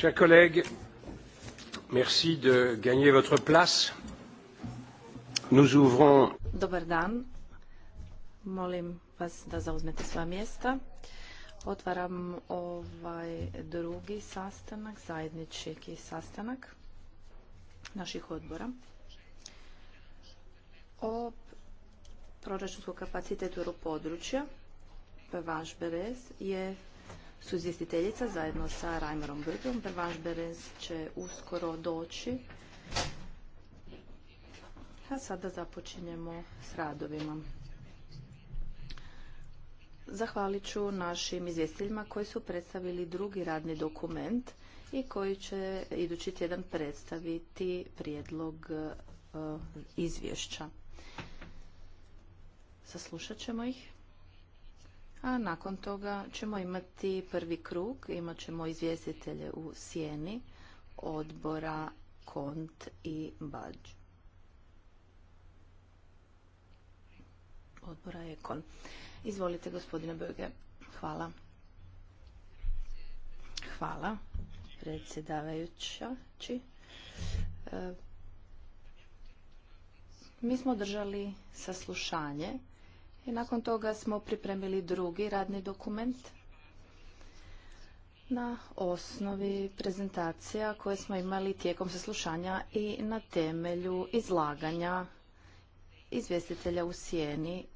Chers collègues, merci de gagner votre place. Nous ouvrons... Dobar dan. Molim vas da zauzmete sva mjesta. Otvaram ovaj drugi sastanak, zajednički sastanak naših odbora o proračunskom kapacitetu europodručja. vaš Berez je su zajedno sa Reimerom brdom Pervanš Berens će uskoro doći. A sada započinjemo s radovima. Zahvalit ću našim izvjestiteljima koji su predstavili drugi radni dokument i koji će idući tjedan predstaviti prijedlog e, izvješća. Saslušat ćemo ih a nakon toga ćemo imati prvi krug, imat ćemo izvjestitelje u sjeni odbora Kont i Bađ. Odbora kon. Izvolite gospodine Böge. Hvala. Hvala predsjedavajuća. E, mi smo držali saslušanje i nakon toga smo pripremili drugi radni dokument na osnovi prezentacija koje smo imali tijekom saslušanja i na temelju izlaganja izvjestitelja u sjeni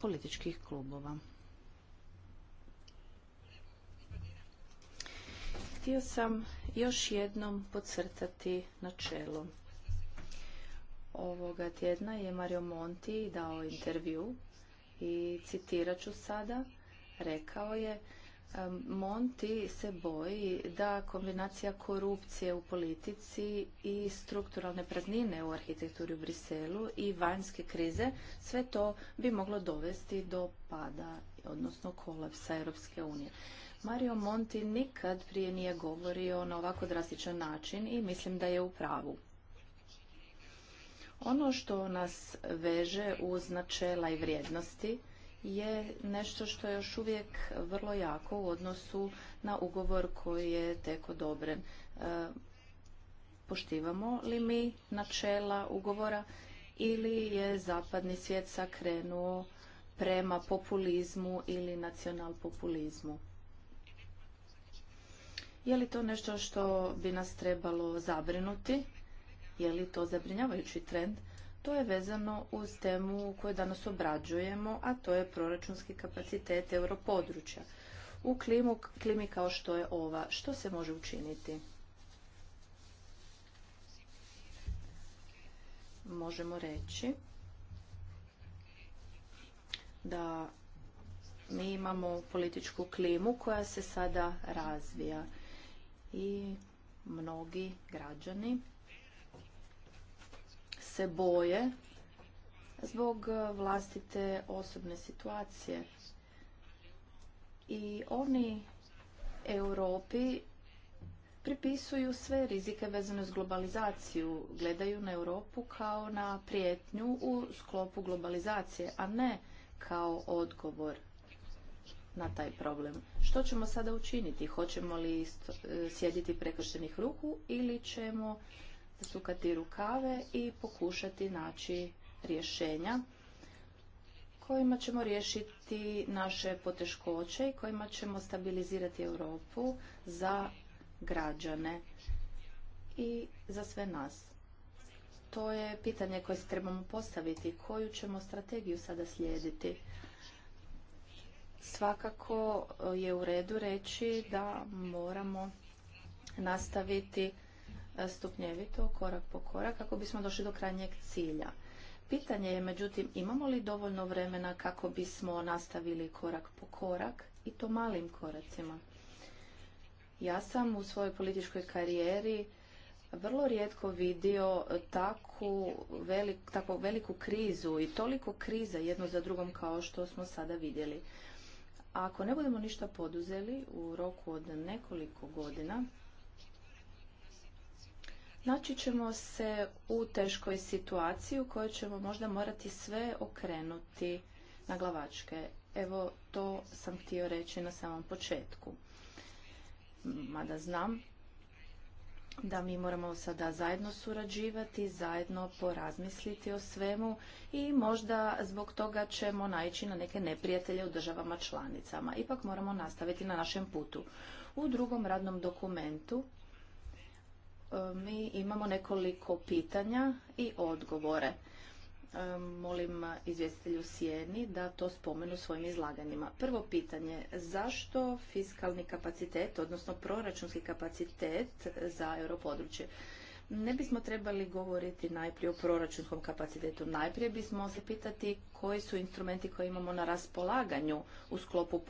političkih klubova. Htio sam još jednom podcrtati načelo ovoga tjedna je Mario Monti dao intervju i citirat ću sada, rekao je Monti se boji da kombinacija korupcije u politici i strukturalne praznine u arhitekturi u Briselu i vanjske krize, sve to bi moglo dovesti do pada, odnosno kolapsa Europske unije. Mario Monti nikad prije nije govorio na ovako drastičan način i mislim da je u pravu. Ono što nas veže uz načela i vrijednosti je nešto što je još uvijek vrlo jako u odnosu na ugovor koji je tek odobren. E, poštivamo li mi načela ugovora ili je zapadni svijet sakrenuo prema populizmu ili nacionalpopulizmu? Je li to nešto što bi nas trebalo zabrinuti? Je li to zabrinjavajući trend? To je vezano uz temu koju danas obrađujemo, a to je proračunski kapacitet europodručja. U klimu, klimi kao što je ova, što se može učiniti? Možemo reći da mi imamo političku klimu koja se sada razvija i mnogi građani se boje zbog e, vlastite osobne situacije. I oni Europi pripisuju sve rizike vezane s globalizaciju, gledaju na Europu kao na prijetnju u sklopu globalizacije, a ne kao odgovor na taj problem. Što ćemo sada učiniti? Hoćemo li e, sjediti prekrštenih ruku ili ćemo sukati rukave i pokušati naći rješenja kojima ćemo riješiti naše poteškoće i kojima ćemo stabilizirati Europu za građane i za sve nas. To je pitanje koje se trebamo postaviti, koju ćemo strategiju sada slijediti. Svakako je u redu reći da moramo nastaviti E, stupnjevito, korak po korak, kako bismo došli do krajnjeg cilja. Pitanje je, međutim, imamo li dovoljno vremena kako bismo nastavili korak po korak i to malim koracima? Ja sam u svojoj političkoj karijeri vrlo rijetko vidio takvu velik, tako veliku krizu i toliko kriza jedno za drugom kao što smo sada vidjeli. ako ne budemo ništa poduzeli u roku od nekoliko godina, naći ćemo se u teškoj situaciji u kojoj ćemo možda morati sve okrenuti na glavačke. Evo, to sam htio reći na samom početku. Mada znam da mi moramo sada zajedno surađivati, zajedno porazmisliti o svemu i možda zbog toga ćemo naići na neke neprijatelje u državama članicama. Ipak moramo nastaviti na našem putu. U drugom radnom dokumentu E, mi imamo nekoliko pitanja i odgovore. E, molim izvjestitelju Sijeni da to spomenu svojim izlaganjima. Prvo pitanje, zašto fiskalni kapacitet, odnosno proračunski kapacitet za europodručje? Ne bismo trebali govoriti najprije o proračunskom kapacitetu. Najprije bismo se pitati koji su instrumenti koje imamo na raspolaganju u sklopu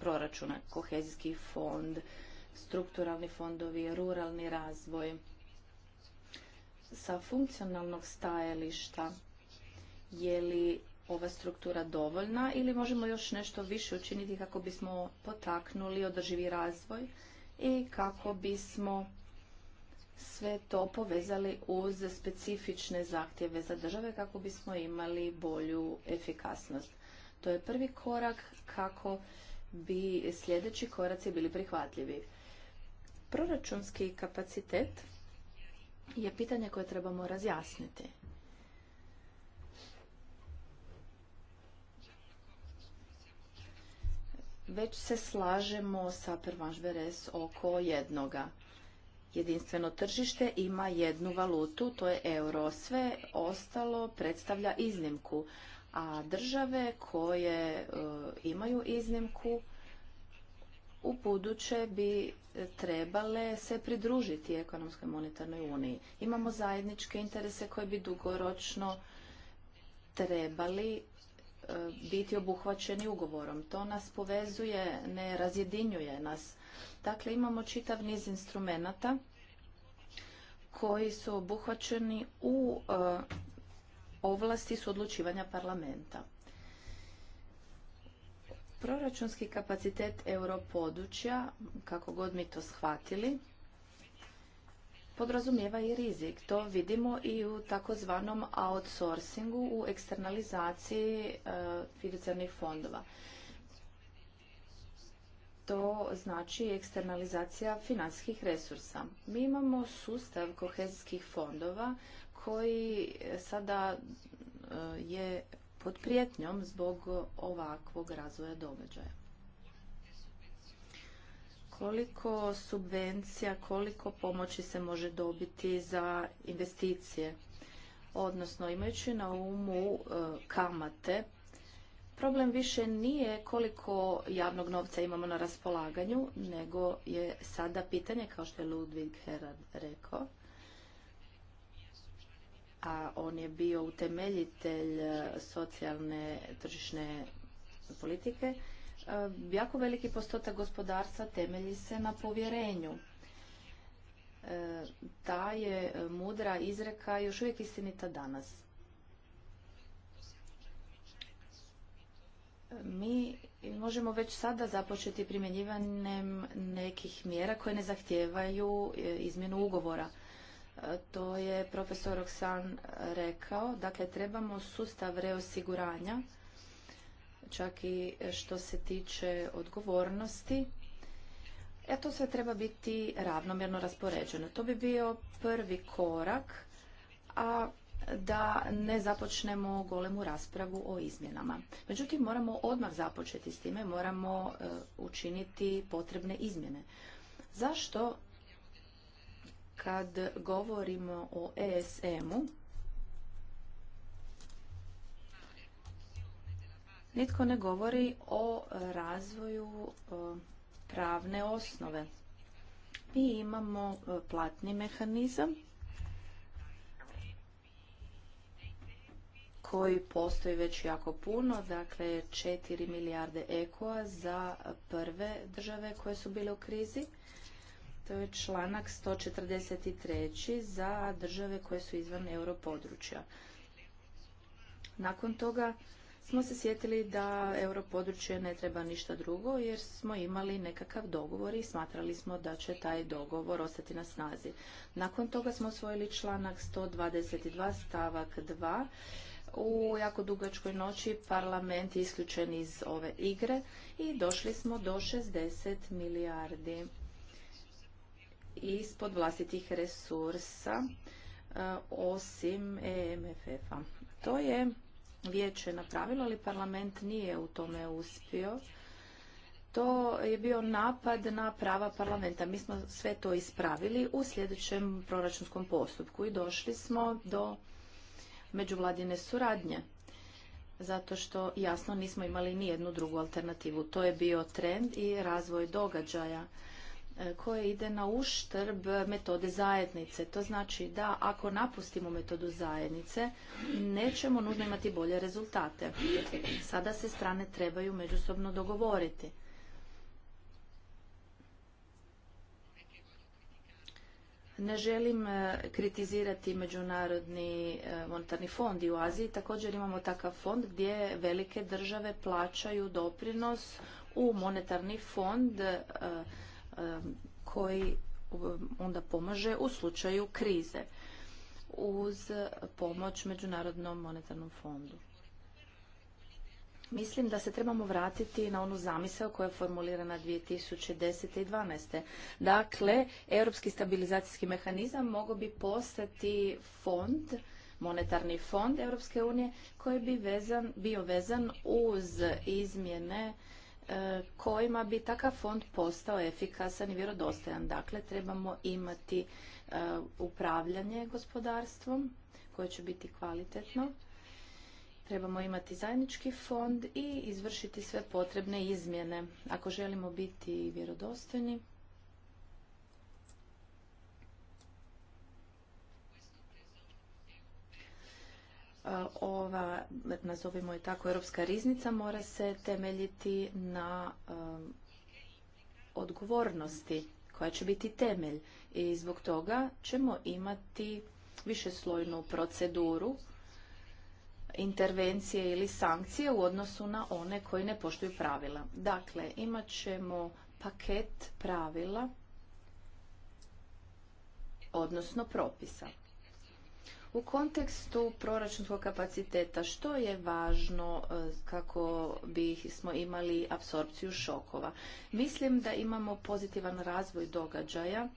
proračuna, kohezijski fond, strukturalni fondovi, ruralni razvoj. Sa funkcionalnog stajališta je li ova struktura dovoljna ili možemo još nešto više učiniti kako bismo potaknuli održivi razvoj i kako bismo sve to povezali uz specifične zahtjeve za države kako bismo imali bolju efikasnost. To je prvi korak kako bi sljedeći koraci bili prihvatljivi. Proračunski kapacitet je pitanje koje trebamo razjasniti. Već se slažemo sa prvažberes oko jednoga. Jedinstveno tržište ima jednu valutu, to je euro. Sve ostalo predstavlja iznimku, a države koje e, imaju iznimku u buduće bi e, trebale se pridružiti ekonomskoj monetarnoj uniji. Imamo zajedničke interese koje bi dugoročno trebali e, biti obuhvaćeni ugovorom. To nas povezuje, ne razjedinjuje nas. Dakle, imamo čitav niz instrumenata koji su obuhvaćeni u e, ovlasti su odlučivanja parlamenta. Proračunski kapacitet europodručja, kako god mi to shvatili, podrazumijeva i rizik. To vidimo i u takozvanom outsourcingu, u eksternalizaciji e, fiducijarnih fondova. To znači eksternalizacija financijskih resursa. Mi imamo sustav kohezijskih fondova koji sada e, je pod prijetnjom zbog ovakvog razvoja događaja koliko subvencija, koliko pomoći se može dobiti za investicije. Odnosno, imajući na umu e, kamate, problem više nije koliko javnog novca imamo na raspolaganju, nego je sada pitanje, kao što je Ludwig Herard rekao, a on je bio utemeljitelj e, socijalne tržišne politike, e, jako veliki postotak gospodarstva temelji se na povjerenju. E, ta je mudra izreka još uvijek istinita danas. Mi možemo već sada započeti primjenjivanjem nekih mjera koje ne zahtijevaju izmjenu ugovora to je profesor Oksan rekao, dakle trebamo sustav reosiguranja, čak i što se tiče odgovornosti. E to sve treba biti ravnomjerno raspoređeno. To bi bio prvi korak, a da ne započnemo golemu raspravu o izmjenama. Međutim, moramo odmah započeti s time, moramo e, učiniti potrebne izmjene. Zašto kad govorimo o ESM-u, nitko ne govori o razvoju e, pravne osnove. Mi imamo e, platni mehanizam koji postoji već jako puno, dakle 4 milijarde ekoa za prve države koje su bile u krizi. To je članak 143. za države koje su izvan europodručja. Nakon toga smo se sjetili da europodručje ne treba ništa drugo jer smo imali nekakav dogovor i smatrali smo da će taj dogovor ostati na snazi. Nakon toga smo osvojili članak 122 stavak 2. U jako dugačkoj noći parlament je isključen iz ove igre i došli smo do 60 milijardi ispod vlastitih resursa e, osim EMFF-a. To je vijeće napravilo, ali parlament nije u tome uspio. To je bio napad na prava parlamenta. Mi smo sve to ispravili u sljedećem proračunskom postupku i došli smo do međuvladine suradnje zato što jasno nismo imali ni jednu drugu alternativu. To je bio trend i razvoj događaja. E, koje ide na uštrb metode zajednice. To znači da ako napustimo metodu zajednice, nećemo nužno imati bolje rezultate. Sada se strane trebaju međusobno dogovoriti. Ne želim e, kritizirati Međunarodni e, monetarni fond i u Aziji. Također imamo takav fond gdje velike države plaćaju doprinos u monetarni fond koji um, onda pomaže u slučaju krize uz pomoć Međunarodnom monetarnom fondu. Mislim da se trebamo vratiti na onu zamisao koja je formulirana 2010. i 2012. Dakle, Europski stabilizacijski mehanizam mogo bi postati fond, monetarni fond Europske unije koji bi bio vezan uz izmjene E, kojima bi takav fond postao efikasan i vjerodostojan. Dakle, trebamo imati e, upravljanje gospodarstvom koje će biti kvalitetno. Trebamo imati zajednički fond i izvršiti sve potrebne izmjene. Ako želimo biti vjerodostojni, E, ova, nazovimo je tako, europska riznica mora se temeljiti na e, odgovornosti koja će biti temelj i zbog toga ćemo imati višeslojnu proceduru intervencije ili sankcije u odnosu na one koji ne poštuju pravila. Dakle, imat ćemo paket pravila, odnosno propisa. U kontekstu proračunskog kapaciteta, što je važno e, kako bismo imali apsorpciju šokova? Mislim da imamo pozitivan razvoj događaja,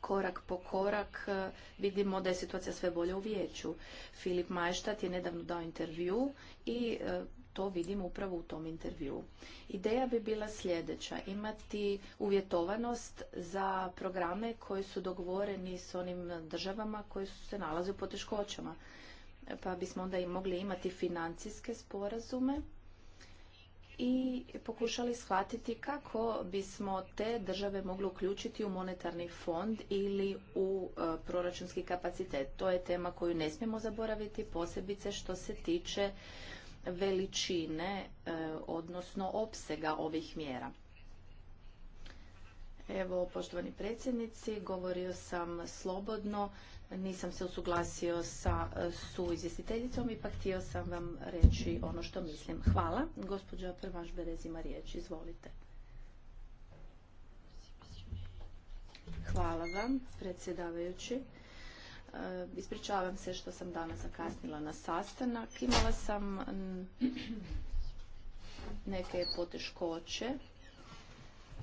korak po korak e, vidimo da je situacija sve bolje u vijeću. Filip Majštat je nedavno dao intervju i e, to vidim upravo u tom intervju. Ideja bi bila sljedeća, imati uvjetovanost za programe koji su dogovoreni s onim državama koje su se nalaze u poteškoćama. Pa bismo onda i mogli imati financijske sporazume i pokušali shvatiti kako bismo te države mogli uključiti u monetarni fond ili u e, proračunski kapacitet. To je tema koju ne smijemo zaboraviti, posebice što se tiče veličine, e, odnosno opsega ovih mjera. Evo, poštovani predsjednici, govorio sam slobodno, nisam se usuglasio sa e, suizvjestiteljicom, ipak htio sam vam reći ono što mislim. Hvala. Gospođa Prvaš Berez ima riječ, izvolite. Hvala vam, predsjedavajući. E, ispričavam se što sam danas zakasnila na sastanak. Imala sam neke poteškoće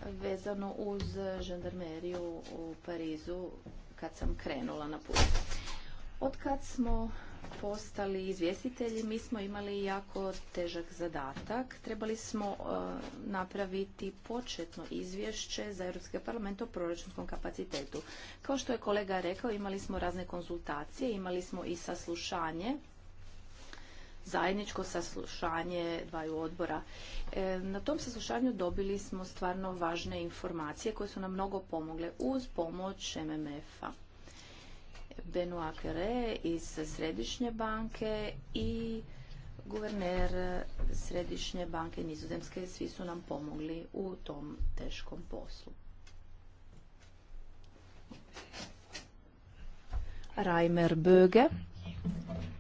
vezano uz žandarmeriju u Parizu kad sam krenula na put. Od kad smo postali izvjestitelji, mi smo imali jako težak zadatak. Trebali smo e, napraviti početno izvješće za Europske parlament o proračunskom kapacitetu. Kao što je kolega rekao, imali smo razne konzultacije, imali smo i saslušanje, zajedničko saslušanje dvaju odbora. E, na tom saslušanju dobili smo stvarno važne informacije koje su nam mnogo pomogle uz pomoć MMF-a. Benoit Carré iz Središnje banke i guverner Središnje banke Nizozemske. Svi su nam pomogli u tom teškom poslu. Reimer Böge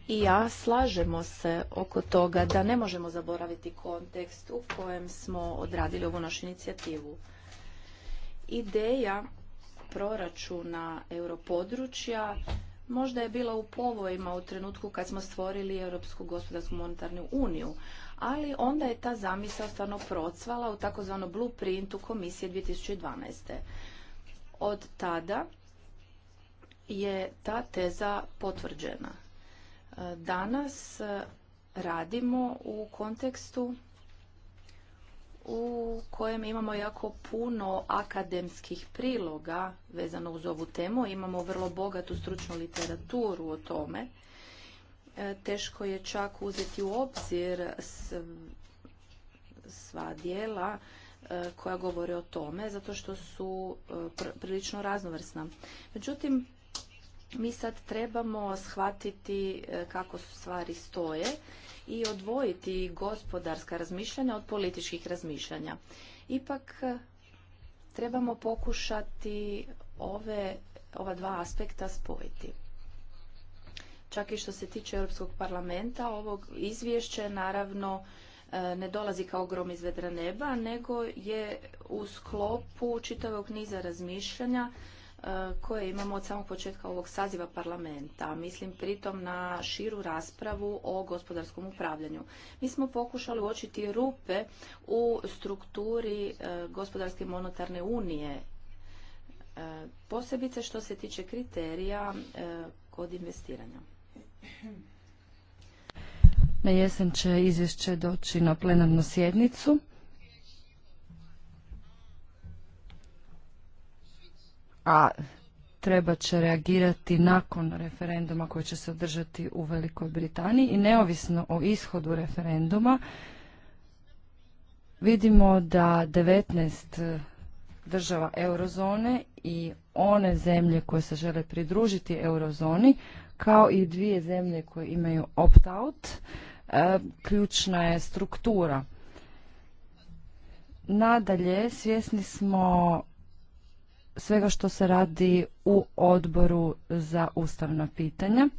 i ja slažemo se oko toga da ne možemo zaboraviti kontekst u kojem smo odradili ovu našu inicijativu. Ideja proračuna europodručja možda je bila u povojima u trenutku kad smo stvorili Europsku gospodarsku monetarnu uniju, ali onda je ta zamisao stvarno procvala u takozvano blueprintu komisije 2012. Od tada je ta teza potvrđena. Danas radimo u kontekstu u kojem imamo jako puno akademskih priloga vezano uz ovu temu. Imamo vrlo bogatu stručnu literaturu o tome. E, teško je čak uzeti u obzir sva dijela e, koja govore o tome, zato što su e, prilično raznovrsna. Međutim, mi sad trebamo shvatiti kako su stvari stoje i odvojiti gospodarska razmišljanja od političkih razmišljanja. Ipak eh, trebamo pokušati ove, ova dva aspekta spojiti. Čak i što se tiče Europskog parlamenta, ovog izvješće naravno eh, ne dolazi kao grom iz vedra neba, nego je u sklopu čitavog niza razmišljanja E, koje imamo od samog početka ovog saziva parlamenta. Mislim pritom na širu raspravu o gospodarskom upravljanju. Mi smo pokušali uočiti rupe u strukturi e, gospodarske monetarne unije, e, posebice što se tiče kriterija kod investiranja. Na jesen će izvješće doći na plenarnu sjednicu. a treba će reagirati nakon referenduma koji će se održati u Velikoj Britaniji i neovisno o ishodu referenduma vidimo da 19 država eurozone i one zemlje koje se žele pridružiti eurozoni kao i dvije zemlje koje imaju opt-out e, ključna je struktura. Nadalje svjesni smo svega što se radi u odboru za ustavna pitanja.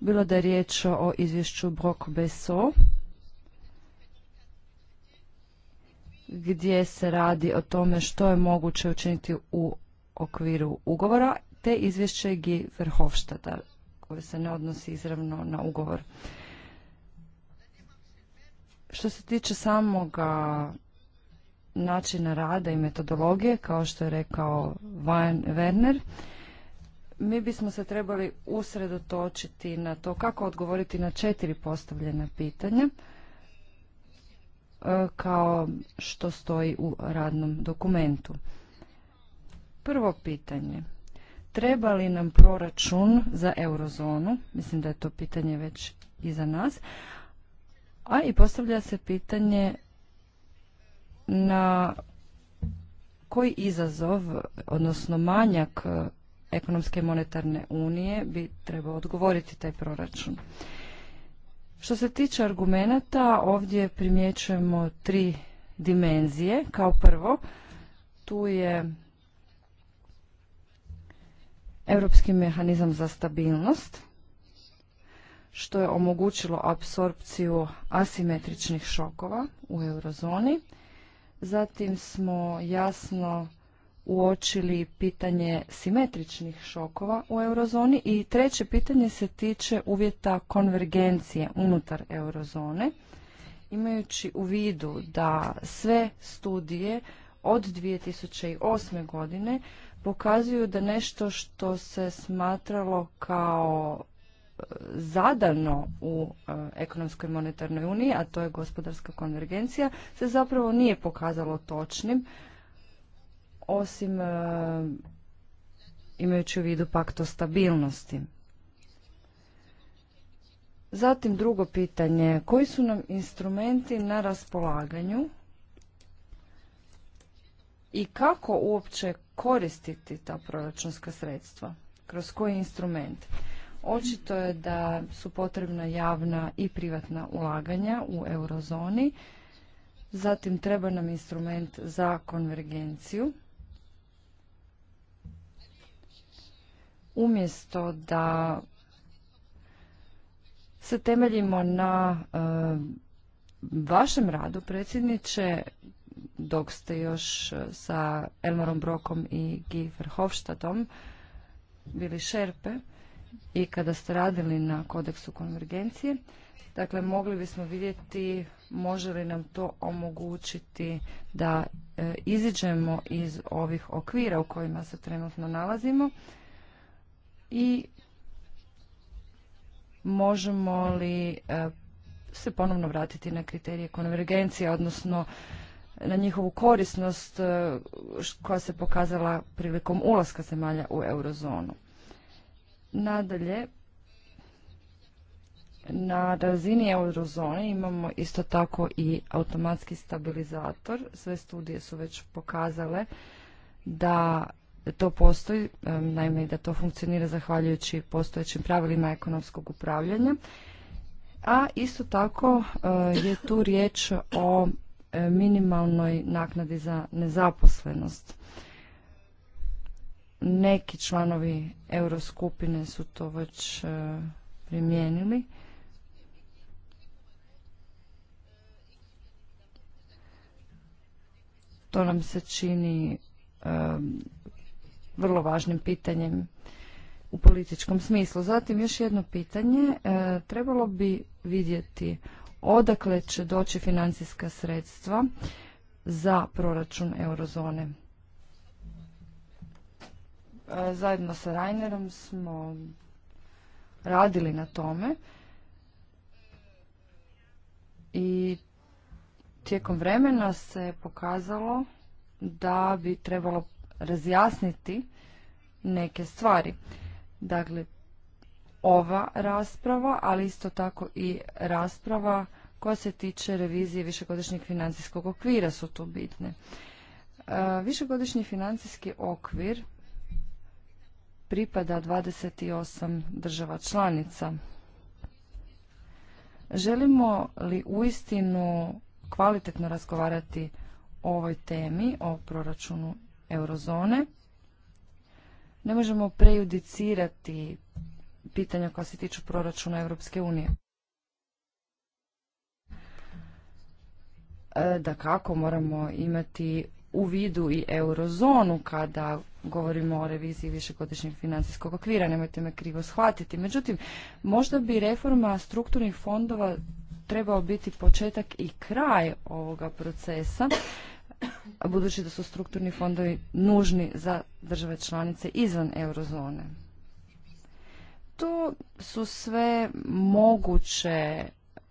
Bilo da je riječ o izvješću Brok Beso, gdje se radi o tome što je moguće učiniti u okviru ugovora, te izvješće G. Vrhovštada, koje se ne odnosi izravno na ugovor. Što se tiče samoga načina rada i metodologije, kao što je rekao Van Werner, mi bismo se trebali usredotočiti na to kako odgovoriti na četiri postavljena pitanja e, kao što stoji u radnom dokumentu. Prvo pitanje. Treba li nam proračun za eurozonu? Mislim da je to pitanje već iza nas. A i postavlja se pitanje na koji izazov, odnosno manjak ekonomske monetarne unije bi trebao odgovoriti taj proračun. Što se tiče argumenata, ovdje primjećujemo tri dimenzije. Kao prvo, tu je Europski mehanizam za stabilnost, što je omogućilo apsorpciju asimetričnih šokova u eurozoni Zatim smo jasno uočili pitanje simetričnih šokova u eurozoni i treće pitanje se tiče uvjeta konvergencije unutar eurozone. Imajući u vidu da sve studije od 2008. godine pokazuju da nešto što se smatralo kao zadano u e, ekonomskoj monetarnoj uniji, a to je gospodarska konvergencija, se zapravo nije pokazalo točnim, osim e, imajući u vidu pakt stabilnosti. Zatim drugo pitanje, koji su nam instrumenti na raspolaganju i kako uopće koristiti ta proračunska sredstva? Kroz koji instrument? Očito je da su potrebna javna i privatna ulaganja u eurozoni. Zatim treba nam instrument za konvergenciju. Umjesto da se temeljimo na eh, vašem radu, predsjedniče, dok ste još eh, sa Elmarom Brokom i Giverhofstadom bili šerpe, i kada ste radili na kodeksu konvergencije. Dakle, mogli bismo vidjeti može li nam to omogućiti da e, iziđemo iz ovih okvira u kojima se trenutno nalazimo i možemo li e, se ponovno vratiti na kriterije konvergencije, odnosno na njihovu korisnost e, koja se pokazala prilikom ulaska zemalja u eurozonu. Nadalje, na razini eurozone imamo isto tako i automatski stabilizator. Sve studije su već pokazale da to postoji, naime da to funkcionira zahvaljujući postojećim pravilima ekonomskog upravljanja. A isto tako eh, je tu riječ o eh, minimalnoj naknadi za nezaposlenost neki članovi euroskupine su to već e, primijenili. To nam se čini e, vrlo važnim pitanjem u političkom smislu. Zatim još jedno pitanje. E, trebalo bi vidjeti odakle će doći financijska sredstva za proračun eurozone. E, zajedno sa Rainerom smo radili na tome i tijekom vremena se pokazalo da bi trebalo razjasniti neke stvari. Dakle, ova rasprava, ali isto tako i rasprava koja se tiče revizije višegodišnjeg financijskog okvira su tu bitne. E, višegodišnji financijski okvir pripada 28 država članica. Želimo li uistinu kvalitetno razgovarati o ovoj temi, o proračunu eurozone? Ne možemo prejudicirati pitanja koja se tiču proračuna Europske unije. E, da kako moramo imati u vidu i eurozonu kada govorimo o reviziji višegodišnjeg financijskog okvira, nemojte me krivo shvatiti. Međutim, možda bi reforma strukturnih fondova trebao biti početak i kraj ovoga procesa, budući da su strukturni fondovi nužni za države članice izvan eurozone. To su sve moguće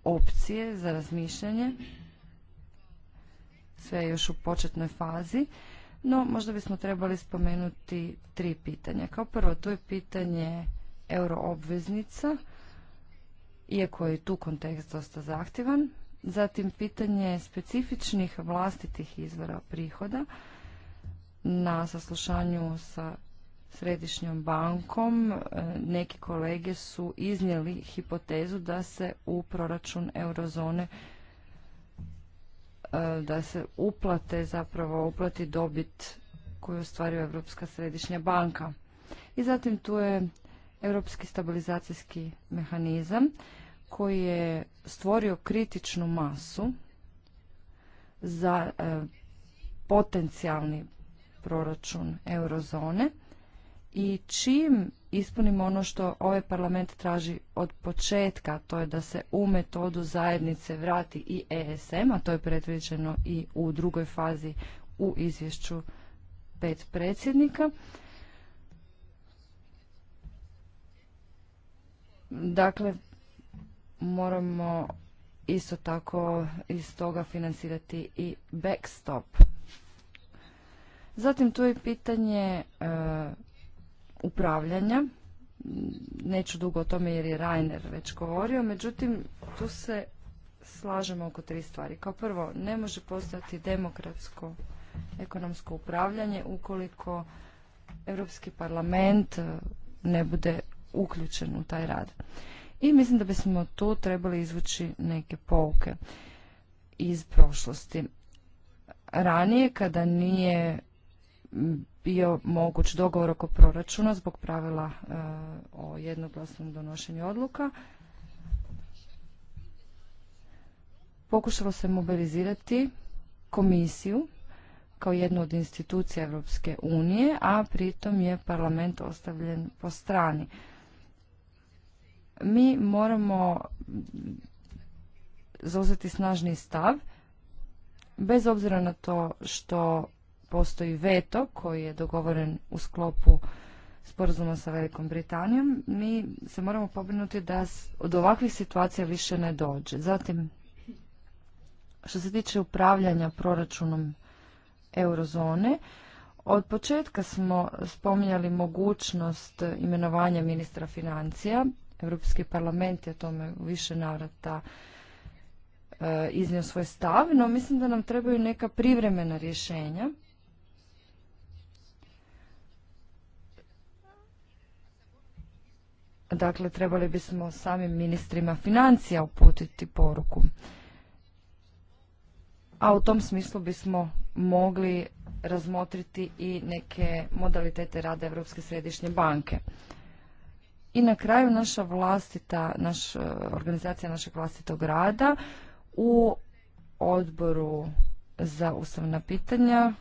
opcije za razmišljanje, sve još u početnoj fazi. No, možda bismo trebali spomenuti tri pitanja. Kao prvo, to je pitanje euroobveznica, iako je tu kontekst dosta zahtjevan. Zatim, pitanje specifičnih vlastitih izvora prihoda na saslušanju sa središnjom bankom e, neki kolege su iznijeli hipotezu da se u proračun eurozone E, da se uplate zapravo uplati dobit koju ostvaruje Europska središnja banka. I zatim tu je Europski stabilizacijski mehanizam koji je stvorio kritičnu masu za e, potencijalni proračun eurozone i čim ispunimo ono što ovaj parlament traži od početka, to je da se u metodu zajednice vrati i ESM, a to je predviđeno i u drugoj fazi u izvješću pet predsjednika. Dakle, moramo isto tako iz toga financirati i backstop. Zatim tu je pitanje e, upravljanja. Neću dugo o tome jer je Rainer već govorio, međutim tu se slažemo oko tri stvari. Kao prvo, ne može postati demokratsko ekonomsko upravljanje ukoliko Europski parlament e, ne bude uključen u taj rad. I mislim da bismo tu trebali izvući neke pouke iz prošlosti. Ranije kada nije bio moguć dogovor oko proračuna zbog pravila e, o jednoglasnom donošenju odluka. Pokušalo se mobilizirati komisiju kao jednu od institucija Europske unije, a pritom je parlament ostavljen po strani. Mi moramo zauzeti snažni stav, bez obzira na to što postoji veto koji je dogovoren u sklopu sporazuma sa Velikom Britanijom, mi se moramo pobrinuti da od ovakvih situacija više ne dođe. Zatim, što se tiče upravljanja proračunom eurozone, od početka smo spominjali mogućnost imenovanja ministra financija. Europski parlament je o tome u više navrata e, iznio svoj stav, no mislim da nam trebaju neka privremena rješenja Dakle, trebali bismo samim ministrima financija uputiti poruku. A u tom smislu bismo mogli razmotriti i neke modalitete rada Europske središnje banke. I na kraju naša vlastita, naš, e, organizacija našeg vlastitog rada u odboru za ustavna pitanja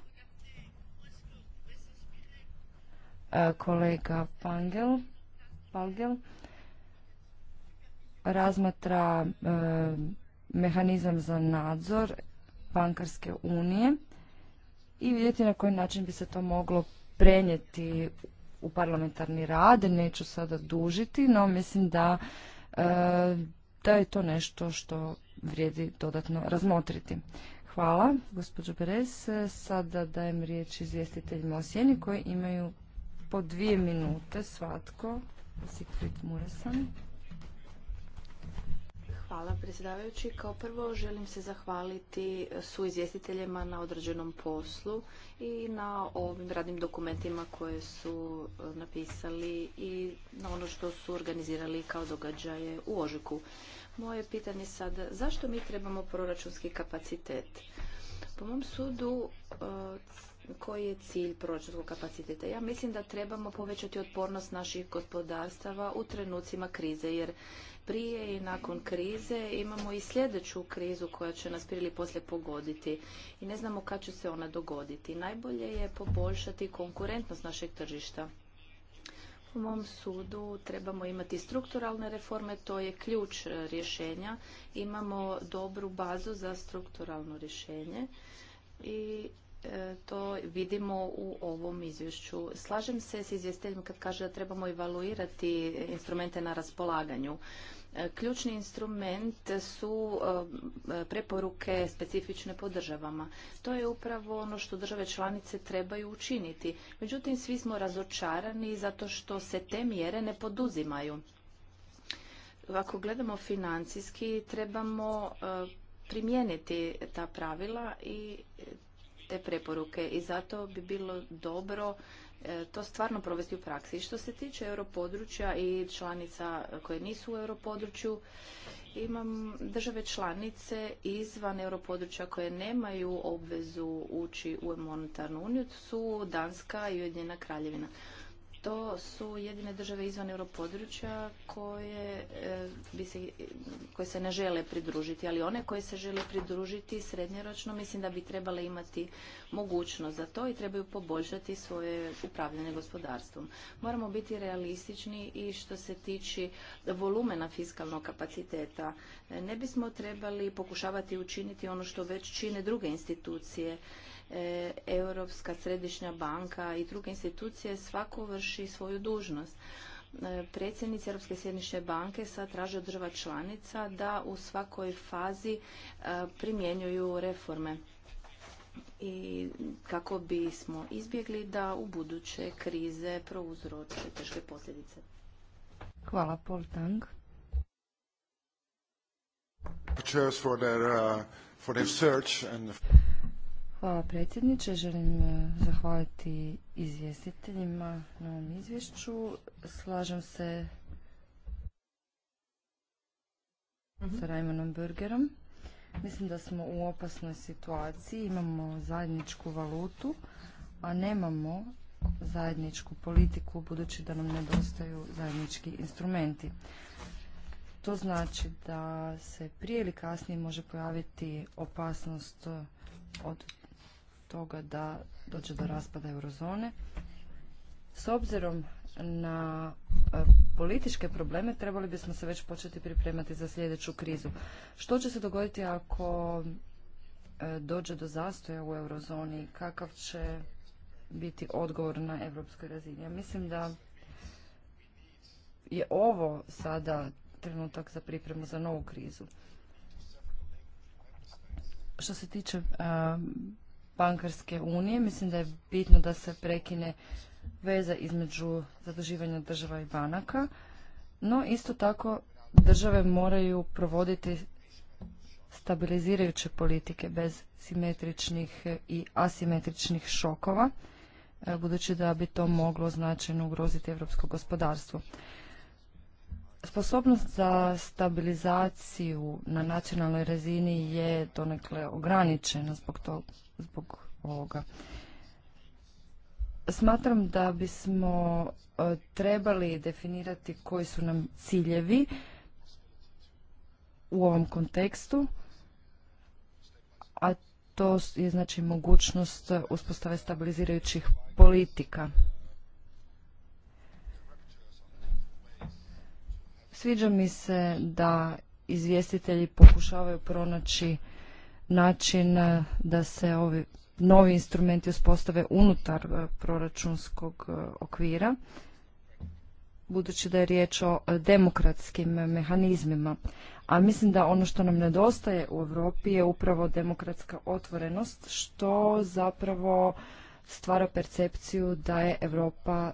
e, kolega Pangel Palgel razmatra e, mehanizam za nadzor bankarske unije i vidjeti na koji način bi se to moglo prenijeti u parlamentarni rad. Neću sada dužiti, no mislim da, e, da je to nešto što vrijedi dodatno razmotriti. Hvala, gospođo Beres. Sada dajem riječ izvjestiteljima o sjeni koji imaju po dvije minute svatko Sigrid Hvala predsjedavajući. Kao prvo želim se zahvaliti su izvjestiteljima na određenom poslu i na ovim radnim dokumentima koje su e, napisali i na ono što su organizirali kao događaje u Ožiku. Moje pitanje sad, zašto mi trebamo proračunski kapacitet? Po mom sudu e, koji je cilj proračunskog kapaciteta? Ja mislim da trebamo povećati otpornost naših gospodarstava u trenucima krize, jer prije i nakon krize imamo i sljedeću krizu koja će nas prili poslije pogoditi i ne znamo kad će se ona dogoditi. Najbolje je poboljšati konkurentnost našeg tržišta. U mom sudu trebamo imati strukturalne reforme, to je ključ rješenja. Imamo dobru bazu za strukturalno rješenje i E, to vidimo u ovom izvješću. Slažem se s izvjestiteljem kad kaže da trebamo evaluirati instrumente na raspolaganju. E, ključni instrument su e, preporuke specifične po državama. To je upravo ono što države članice trebaju učiniti. Međutim, svi smo razočarani zato što se te mjere ne poduzimaju. Ako gledamo financijski, trebamo primijeniti ta pravila i te preporuke i zato bi bilo dobro e, to stvarno provesti u praksi. što se tiče europodručja i članica koje nisu u europodručju, imam države članice izvan europodručja koje nemaju obvezu ući u monetarnu uniju, su Danska i Ujedinjena Kraljevina to su jedine države izvan europodručja koje, e, bi se, koje se ne žele pridružiti, ali one koje se žele pridružiti srednjeročno mislim da bi trebale imati mogućnost za to i trebaju poboljšati svoje upravljanje gospodarstvom. Moramo biti realistični i što se tiče volumena fiskalnog kapaciteta. E, ne bismo trebali pokušavati učiniti ono što već čine druge institucije E, Europska središnja banka i druge institucije svako vrši svoju dužnost. E, predsjednici Europske središnje banke sad traže od država članica da u svakoj fazi e, primjenjuju reforme i kako bismo izbjegli da u buduće krize prouzroče teške posljedice. Hvala, Paul Tang. Hvala predsjedniče. Želim e, zahvaliti izvjestiteljima na ovom izvješću. Slažem se mhm. sa Rajmanom Burgerom. Mislim da smo u opasnoj situaciji. Imamo zajedničku valutu, a nemamo zajedničku politiku budući da nam nedostaju zajednički instrumenti. To znači da se prije ili kasnije može pojaviti opasnost od toga da dođe do raspada eurozone. S obzirom na e, političke probleme trebali bismo se već početi pripremati za sljedeću krizu. Što će se dogoditi ako e, dođe do zastoja u eurozoni? Kakav će biti odgovor na evropskoj razini? Ja mislim da je ovo sada trenutak za pripremu za novu krizu. Što se tiče e, bankarske unije. Mislim da je bitno da se prekine veza između zaduživanja država i banaka, no isto tako države moraju provoditi stabilizirajuće politike bez simetričnih i asimetričnih šokova, e, budući da bi to moglo značajno ugroziti evropsko gospodarstvo. Sposobnost za stabilizaciju na nacionalnoj razini je donekle ograničena zbog, to, zbog ovoga. Smatram da bismo e, trebali definirati koji su nam ciljevi u ovom kontekstu, a to je znači mogućnost uspostave stabilizirajućih politika. Sviđa mi se da izvjestitelji pokušavaju pronaći način eh, da se ovi novi instrumenti uspostave unutar eh, proračunskog eh, okvira, budući da je riječ o demokratskim mehanizmima. A mislim da ono što nam nedostaje u Europi je upravo demokratska otvorenost, što zapravo stvara percepciju da je Europa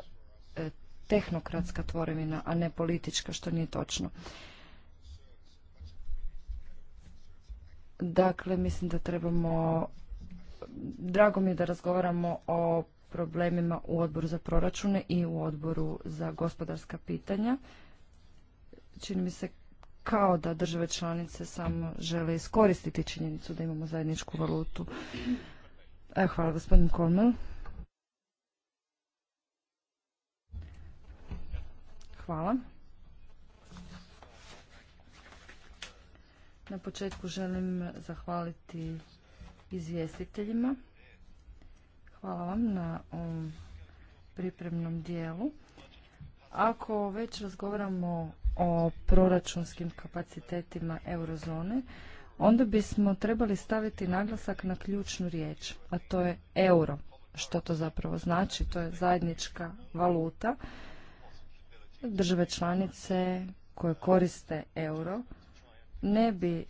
tehnokratska tvorevina, a ne politička, što nije točno. Dakle, mislim da trebamo, drago mi je da razgovaramo o problemima u odboru za proračune i u odboru za gospodarska pitanja. Čini mi se kao da države članice samo žele iskoristiti činjenicu da imamo zajedničku valutu. hvala gospodin Kolmel. Hvala. Na početku želim zahvaliti izvjestiteljima. Hvala vam na ovom pripremnom dijelu. Ako već razgovaramo o proračunskim kapacitetima eurozone, onda bismo trebali staviti naglasak na ključnu riječ, a to je euro. Što to zapravo znači? To je zajednička valuta države članice koje koriste euro ne bi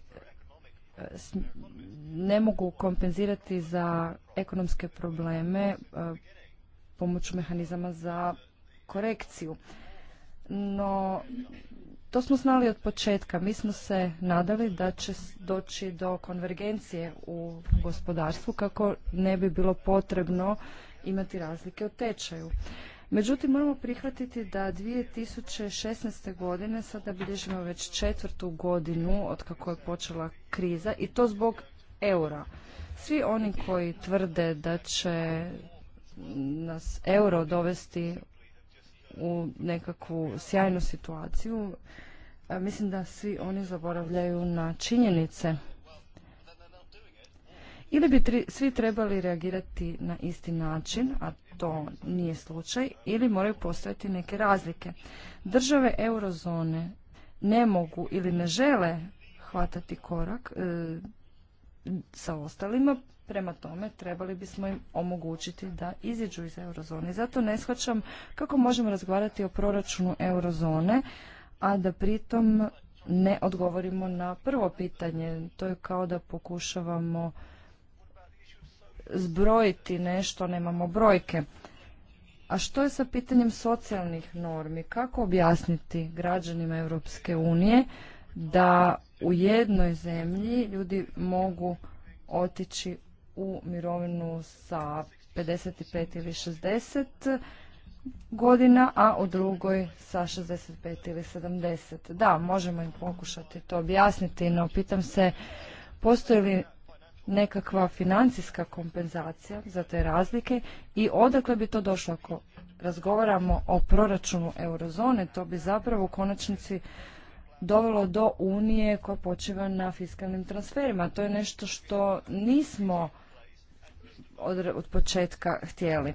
e, ne mogu kompenzirati za ekonomske probleme e, pomoću mehanizama za korekciju. No, to smo znali od početka. Mi smo se nadali da će doći do konvergencije u gospodarstvu kako ne bi bilo potrebno imati razlike u tečaju. Međutim, moramo prihvatiti da 2016. godine sada bilježimo već četvrtu godinu od kako je počela kriza i to zbog eura. Svi oni koji tvrde da će nas euro dovesti u nekakvu sjajnu situaciju, mislim da svi oni zaboravljaju na činjenice. Ili bi svi trebali reagirati na isti način, a to nije slučaj, ili moraju postojati neke razlike. Države eurozone ne mogu ili ne žele hvatati korak e, sa ostalima, prema tome trebali bismo im omogućiti da iziđu iz eurozone. Zato ne shvaćam kako možemo razgovarati o proračunu eurozone, a da pritom ne odgovorimo na prvo pitanje. To je kao da pokušavamo zbrojiti nešto, nemamo brojke. A što je sa pitanjem socijalnih normi? Kako objasniti građanima Europske unije da u jednoj zemlji ljudi mogu otići u mirovinu sa 55 ili 60 godina, a u drugoj sa 65 ili 70. Da, možemo im pokušati to objasniti, no pitam se postoji li nekakva financijska kompenzacija za te razlike i odakle bi to došlo ako razgovaramo o proračunu eurozone, to bi zapravo u konačnici dovelo do unije koja počiva na fiskalnim transferima. To je nešto što nismo od, od početka htjeli.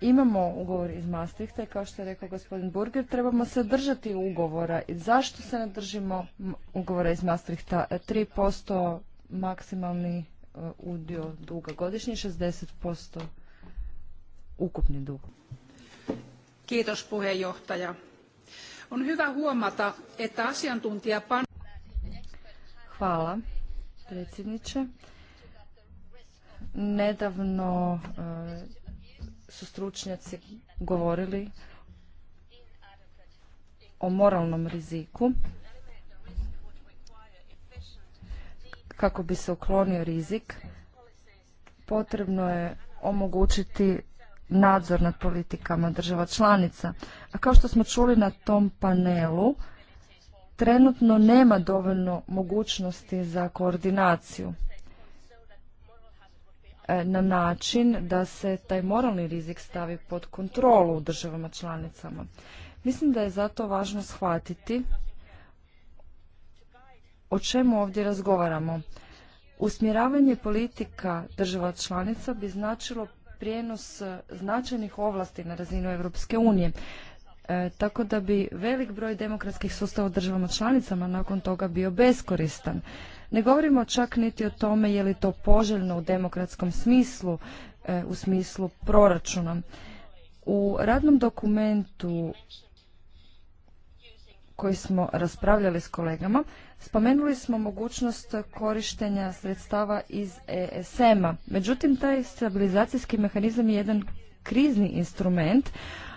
Imamo ugovor iz Maastrichta i kao što je rekao gospodin Burger, trebamo se držati ugovora. I zašto se ne držimo ugovora iz Maastrichta? 3% e, maksimalni e, udio duga godišnje, 60% ukupni dug. Kiitos puheenjohtaja. On hyvä huomata, että pan... Hvala, predsjedniče. Nedavno e, su stručnjaci govorili o moralnom riziku kako bi se uklonio rizik, potrebno je omogućiti nadzor nad politikama država članica. A kao što smo čuli na tom panelu, trenutno nema dovoljno mogućnosti za koordinaciju e, na način da se taj moralni rizik stavi pod kontrolu u državama članicama. Mislim da je zato važno shvatiti o čemu ovdje razgovaramo. Usmjeravanje politika država članica bi značilo prijenos e, značajnih ovlasti na razinu Europske unije. E, tako da bi velik broj demokratskih sustava u državama članicama nakon toga bio beskoristan. Ne govorimo čak niti o tome je li to poželjno u demokratskom smislu, e, u smislu proračuna. U radnom dokumentu koji smo raspravljali s kolegama, spomenuli smo mogućnost korištenja sredstava iz ESM-a. Međutim, taj stabilizacijski mehanizam je jedan krizni instrument,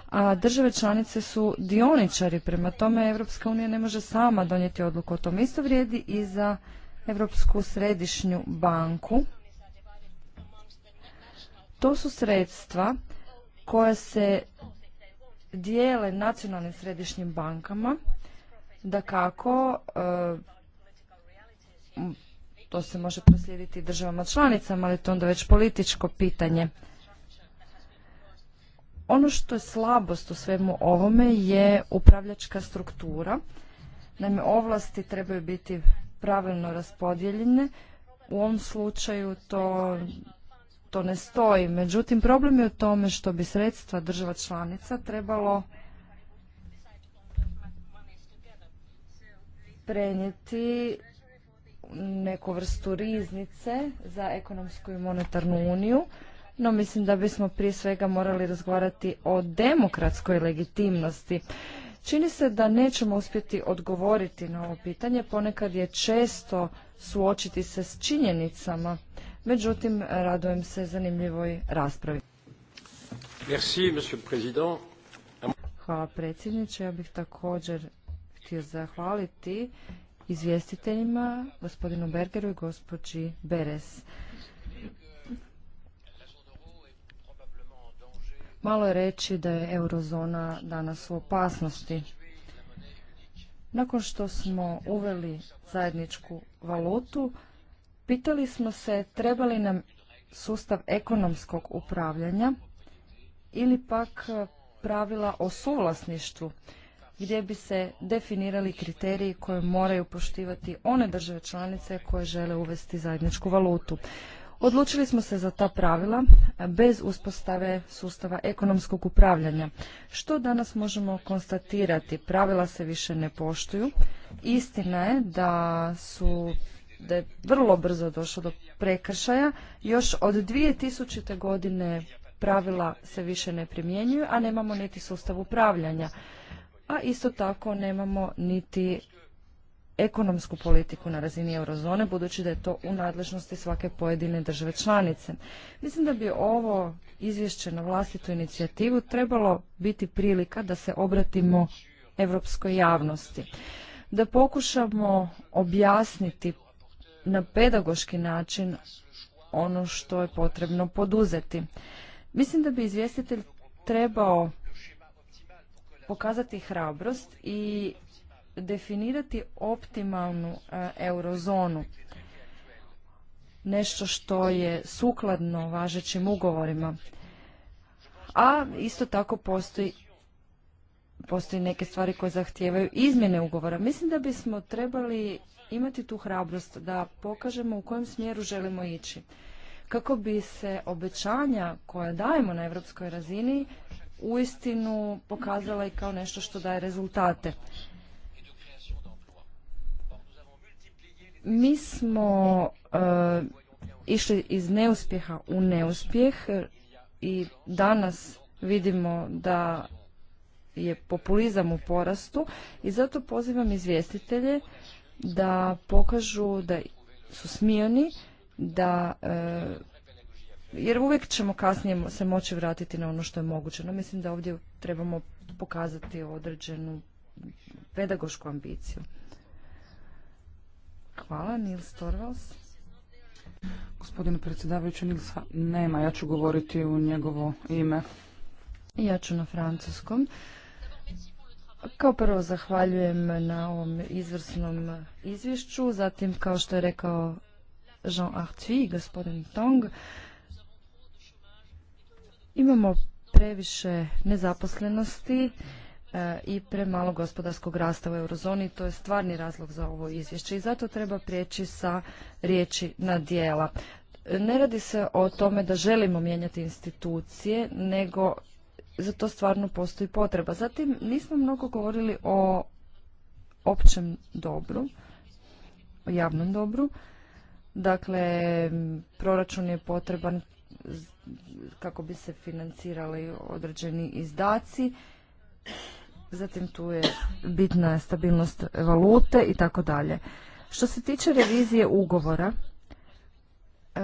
a države članice su dioničari, prema tome Europska unija ne može sama donijeti odluku o tom. Isto vrijedi i za Europsku središnju banku. To su sredstva koja se dijele nacionalnim središnjim bankama da kako, e, to se može proslijediti državama članicama, ali to je onda već političko pitanje. Ono što je slabost u svemu ovome je upravljačka struktura. Naime, ovlasti trebaju biti pravilno raspodijeljene. U ovom slučaju to, to ne stoji. Međutim, problem je u tome što bi sredstva država članica trebalo prenijeti neku vrstu riznice za ekonomsku i monetarnu uniju, no mislim da bismo prije svega morali razgovarati o demokratskoj legitimnosti. Čini se da nećemo uspjeti odgovoriti na ovo pitanje, ponekad je često suočiti se s činjenicama, međutim radujem se zanimljivoj raspravi. Hvala predsjedniče, ja bih također htio zahvaliti izvjestiteljima, gospodinu Bergeru i gospođi Beres. Malo je reći da je eurozona danas u opasnosti. Nakon što smo uveli zajedničku valutu, pitali smo se treba li nam sustav ekonomskog upravljanja ili pak pravila o suvlasništvu gdje bi se definirali kriteriji koje moraju poštivati one države članice koje žele uvesti zajedničku valutu. Odlučili smo se za ta pravila bez uspostave sustava ekonomskog upravljanja. Što danas možemo konstatirati? Pravila se više ne poštuju. Istina je da su da je vrlo brzo došlo do prekršaja. Još od 2000. godine pravila se više ne primjenjuju, a nemamo niti sustav upravljanja a isto tako nemamo niti ekonomsku politiku na razini eurozone, budući da je to u nadležnosti svake pojedine države članice. Mislim da bi ovo izvješće na vlastitu inicijativu trebalo biti prilika da se obratimo europskoj javnosti. Da pokušamo objasniti na pedagoški način ono što je potrebno poduzeti. Mislim da bi izvjestitelj trebao pokazati hrabrost i definirati optimalnu e, eurozonu. Nešto što je sukladno važećim ugovorima. A isto tako postoji neke stvari koje zahtijevaju izmjene ugovora. Mislim da bismo trebali imati tu hrabrost da pokažemo u kojem smjeru želimo ići. Kako bi se obećanja koja dajemo na europskoj razini uistinu pokazala i kao nešto što daje rezultate. Mi smo e, išli iz neuspjeha u neuspjeh i danas vidimo da je populizam u porastu i zato pozivam izvjestitelje da pokažu da su smijeni, da e, jer uvijek ćemo kasnije se moći vratiti na ono što je moguće. No, mislim da ovdje trebamo pokazati određenu pedagošku ambiciju. Hvala, Nils Torvalds. Gospodine predsjedavajući, Nilsa nema, ja ću govoriti u njegovo ime. Ja ću na francuskom. Kao prvo zahvaljujem na ovom izvrsnom izvješću, zatim kao što je rekao Jean Arthuis, gospodin Tong, Imamo previše nezaposlenosti e, i premalo gospodarskog rasta u eurozoni. To je stvarni razlog za ovo izvješće i zato treba prijeći sa riječi na dijela. Ne radi se o tome da želimo mijenjati institucije, nego za to stvarno postoji potreba. Zatim nismo mnogo govorili o općem dobru, o javnom dobru. Dakle, proračun je potreban kako bi se financirali određeni izdaci. Zatim tu je bitna stabilnost valute i tako dalje. Što se tiče revizije ugovora, e,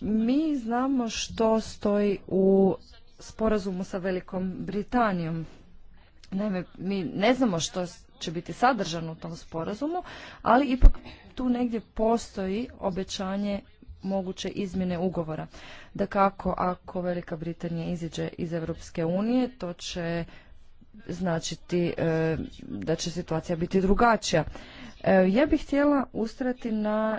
mi znamo što stoji u sporazumu sa Velikom Britanijom. Naime, mi ne znamo što će biti sadržano u tom sporazumu, ali ipak tu negdje postoji obećanje moguće izmjene ugovora. Da kako, ako Velika Britanija iziđe iz Europske unije, to će značiti e, da će situacija biti drugačija. E, ja bih htjela ustrati na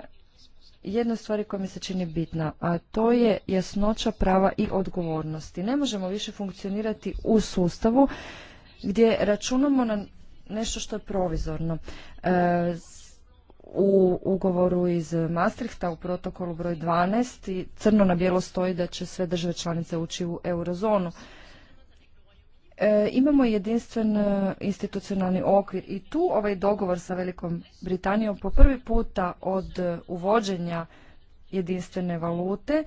jednu stvari koja mi se čini bitna, a to je jasnoća prava i odgovornosti. Ne možemo više funkcionirati u sustavu gdje računamo na nešto što je provizorno. E, u ugovoru iz Maastrichta u protokolu broj 12 i crno na bijelo stoji da će sve države članice ući u eurozonu. E, imamo jedinstven e, institucionalni okvir i tu ovaj dogovor sa Velikom Britanijom po prvi puta od e, uvođenja jedinstvene valute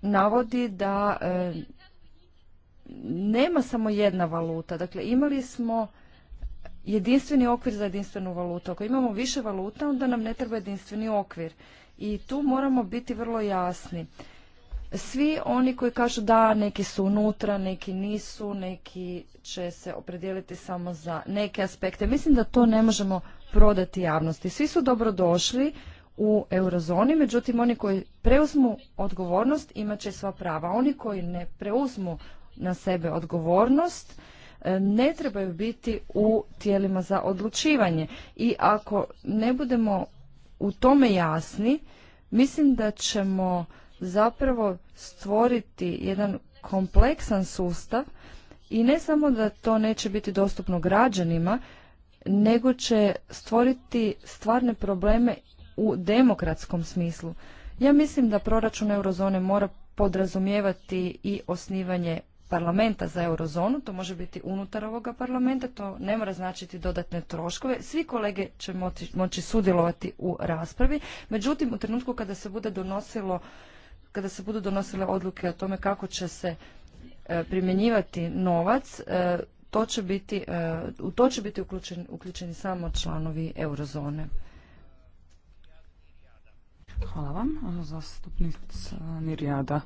navodi da nema samo jedna valuta. Dakle, imali smo jedinstveni okvir za jedinstvenu valutu. Ako imamo više valuta, onda nam ne treba jedinstveni okvir. I tu moramo biti vrlo jasni. Svi oni koji kažu da neki su unutra, neki nisu, neki će se opredijeliti samo za neke aspekte. Mislim da to ne možemo prodati javnosti. Svi su dobrodošli u eurozoni, međutim oni koji preuzmu odgovornost imat će sva prava. Oni koji ne preuzmu na sebe odgovornost, ne trebaju biti u tijelima za odlučivanje. I ako ne budemo u tome jasni, mislim da ćemo zapravo stvoriti jedan kompleksan sustav i ne samo da to neće biti dostupno građanima, nego će stvoriti stvarne probleme u demokratskom smislu. Ja mislim da proračun eurozone mora podrazumijevati i osnivanje parlamenta za eurozonu, to može biti unutar ovoga parlamenta, to ne mora značiti dodatne troškove. Svi kolege će moći, sudjelovati u raspravi, međutim u trenutku kada se bude donosilo kada se budu donosile odluke o tome kako će se e, primjenjivati novac, e, to će biti, e, u to će biti uključeni samo članovi eurozone. Hvala vam. Zastupnica Nirjada.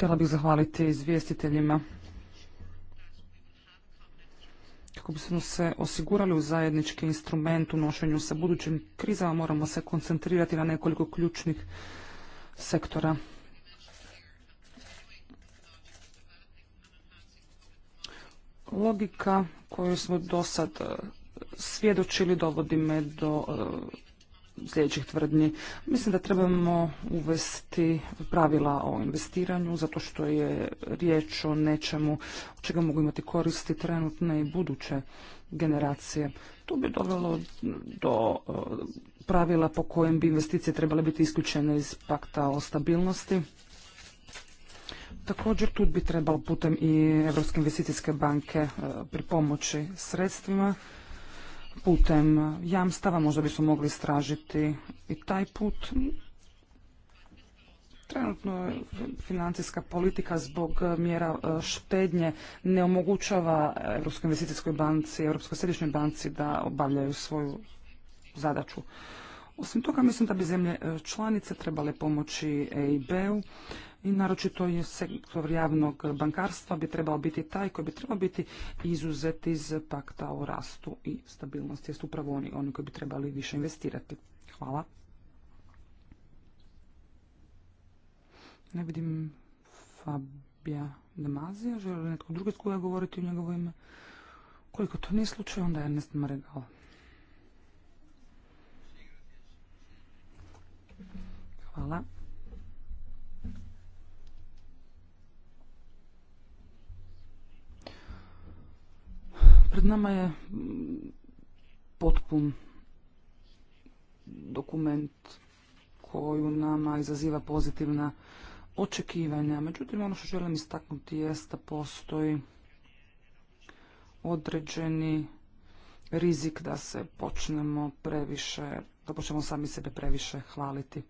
Htjela bih zahvaliti izvjestiteljima kako bismo se osigurali u zajednički instrument u nošenju sa budućim krizama, moramo se koncentrirati na nekoliko ključnih sektora. Logika koju smo do sad eh, svjedočili dovodi me do eh, sljedećih tvrdnji. Mislim da trebamo uvesti pravila o investiranju, zato što je riječ o nečemu od čega mogu imati koristi trenutne i buduće generacije. To bi dovelo do e, pravila po kojem bi investicije trebale biti isključene iz pakta o stabilnosti. Također tu bi trebalo putem i Europske investicijske banke pri e, pripomoći sredstvima putem jamstava, možda bismo mogli istražiti i taj put. Trenutno financijska politika zbog e, mjera e, štednje ne omogućava Europskoj investicijskoj banci, Europskoj središnjoj banci da obavljaju svoju zadaću. Osim toga, mislim da bi zemlje e, članice trebale pomoći EIB-u i naročito je sektor javnog bankarstva bi trebao biti taj koji bi trebao biti izuzet iz pakta o rastu i stabilnosti. Jest upravo oni, oni koji bi trebali više investirati. Hvala. Ne vidim Fabija Demazija. Želi li netko drugi tko govoriti u njegovo ime? Koliko to nije slučaj, onda je Ernest Maregal. Hvala. Pred nama je mm, potpun dokument koju nama izaziva pozitivna očekivanja. Međutim, ono što želim istaknuti je da postoji određeni rizik da se počnemo previše, da počnemo sami sebe previše hvaliti.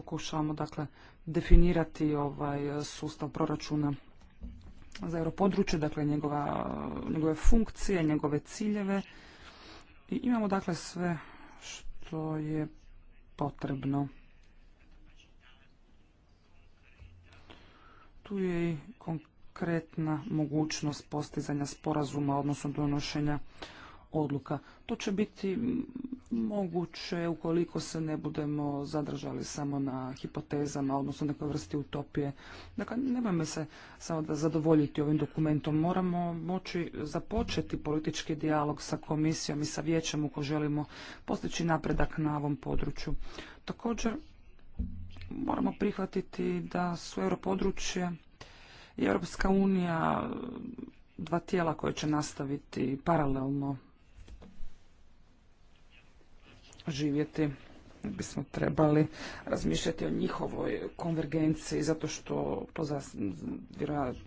pokušavamo dakle definirati ovaj e, sustav proračuna za europodručje, dakle njegova, njegove funkcije, njegove ciljeve i imamo dakle sve što je potrebno. Tu je i konkretna mogućnost postizanja sporazuma, odnosno donošenja odluka. To će biti moguće ukoliko se ne budemo zadržali samo na hipotezama, odnosno nekoj vrsti utopije. Dakle, nemojme se samo da zadovoljiti ovim dokumentom. Moramo moći započeti politički dijalog sa komisijom i sa vijećem uko želimo postići napredak na ovom području. Također, moramo prihvatiti da su europodručje i Europska unija dva tijela koje će nastaviti paralelno živjeti bismo trebali razmišljati o njihovoj konvergenciji zato što to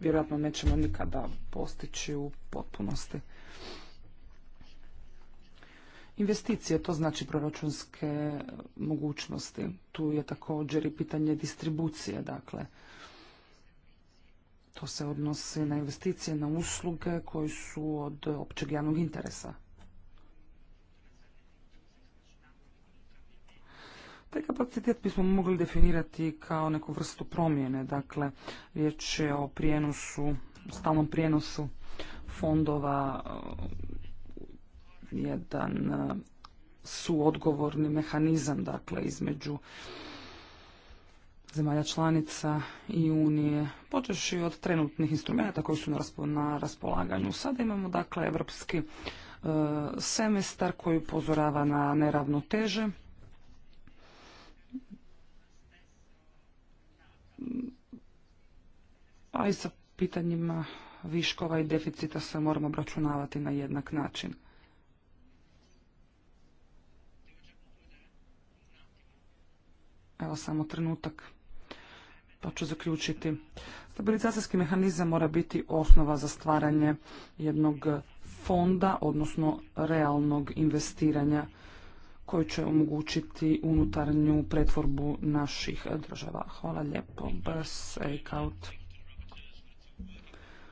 vjerojatno nećemo nikada postići u potpunosti. Investicije, to znači proračunske mogućnosti. Tu je također i pitanje distribucije, dakle. To se odnosi na investicije, na usluge koji su od općeg javnog interesa. Taj kapacitet bismo mogli definirati kao neku vrstu promjene, dakle riječ je o prijenosu, stalnom prijenosu fondova, e, jedan e, suodgovorni mehanizam, dakle između zemalja članica i Unije, počeši od trenutnih instrumenta koji su na raspolaganju. Sada imamo dakle evropski e, semestar koji upozorava na neravnoteže a i sa pitanjima viškova i deficita se moramo obračunavati na jednak način. Evo samo trenutak, pa ću zaključiti. Stabilizacijski mehanizam mora biti osnova za stvaranje jednog fonda, odnosno realnog investiranja koji će omogućiti unutarnju pretvorbu naših država. Hvala lijepo.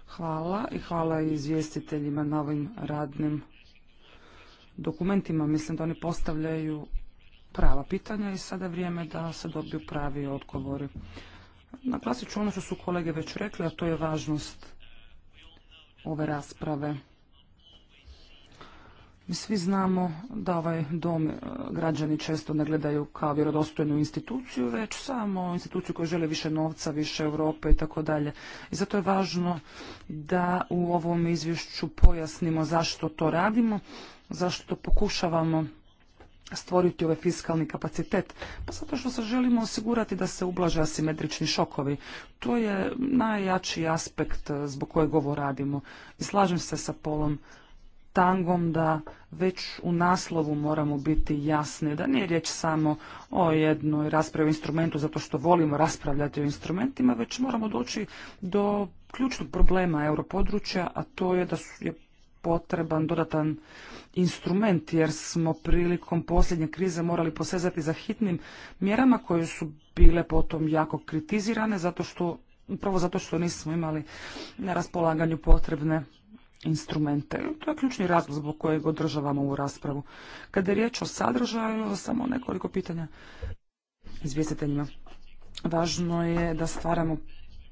Hvala i hvala izvjestiteljima na ovim radnim dokumentima. Mislim da oni postavljaju prava pitanja i sada je vrijeme da se dobiju pravi odgovori. Naglasit ću ono što su kolege već rekli, a to je važnost ove rasprave svi znamo da ovaj dom e, građani često ne gledaju kao vjerodostojnu instituciju, već samo instituciju koja žele više novca, više Europe i tako dalje. I zato je važno da u ovom izvješću pojasnimo zašto to radimo, zašto pokušavamo stvoriti ovaj fiskalni kapacitet? Pa zato što se želimo osigurati da se ublaže asimetrični šokovi. To je najjači aspekt e, zbog kojeg ovo radimo. I slažem se sa Polom tangom da već u naslovu moramo biti jasni, da nije riječ samo o jednoj raspravi o instrumentu zato što volimo raspravljati o instrumentima, već moramo doći do ključnog problema europodručja, a to je da je potreban dodatan instrument jer smo prilikom posljednje krize morali posezati za hitnim mjerama koje su bile potom jako kritizirane zato što, upravo zato što nismo imali na raspolaganju potrebne instrumente. To je ključni razlog zbog kojeg održavamo ovu raspravu. Kada je riječ o sadržaju, samo nekoliko pitanja izvjestiteljima. Važno je da stvaramo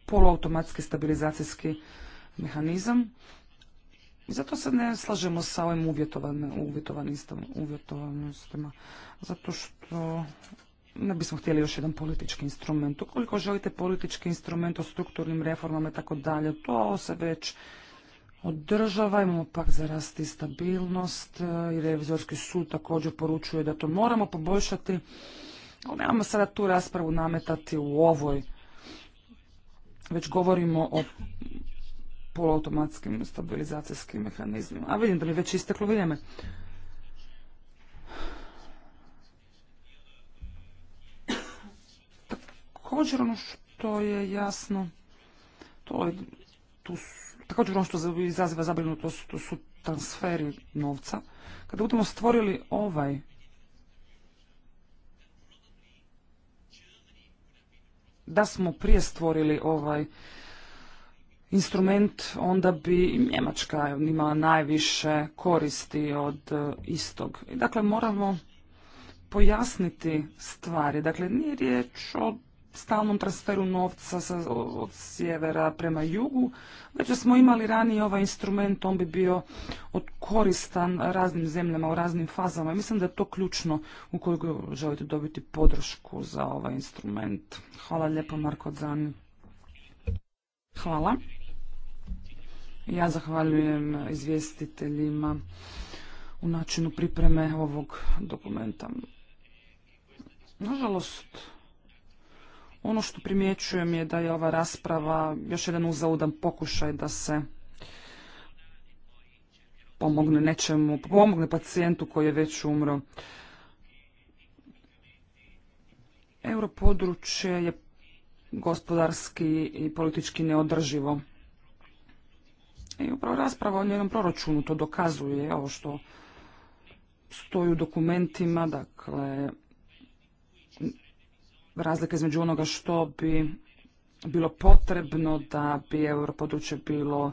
poluautomatski stabilizacijski mehanizam. I zato se ne slažemo sa ovim uvjetovanostima. Zato što ne bismo htjeli još jedan politički instrument. Ukoliko želite politički instrument o strukturnim reformama i tako dalje, to se već Održavajmo pak za rast i stabilnost e, i revizorski sud također poručuje da to moramo poboljšati. Ali nemamo sada tu raspravu nametati u ovoj, već govorimo o poluautomatskim stabilizacijskim mehanizmima. A vidim da mi već isteklo vrijeme. Također ono što je jasno, to je, tu su Također ono što izaziva zabrinutost to su transferi novca. Kada budemo stvorili ovaj da smo prije stvorili ovaj instrument, onda bi Njemačka imala najviše koristi od e, istog. I dakle, moramo pojasniti stvari. Dakle, nije riječ o stalnom transferu novca sa, od sjevera prema jugu. Već smo imali ranije ovaj instrument, on bi bio koristan raznim zemljama u raznim fazama. Mislim da je to ključno ukoliko želite dobiti podršku za ovaj instrument. Hvala lijepo Marko Zani. Hvala. Ja zahvaljujem izvjestiteljima u načinu pripreme ovog dokumenta. Nažalost, ono što primjećujem je da je ova rasprava još jedan uzaludan pokušaj da se pomogne nečemu, pomogne pacijentu koji je već umro. Europodručje je gospodarski i politički neodrživo. I upravo rasprava o njenom proračunu to dokazuje, ovo što stoji u dokumentima, dakle, razlika između onoga što bi bilo potrebno da bi europodručje bilo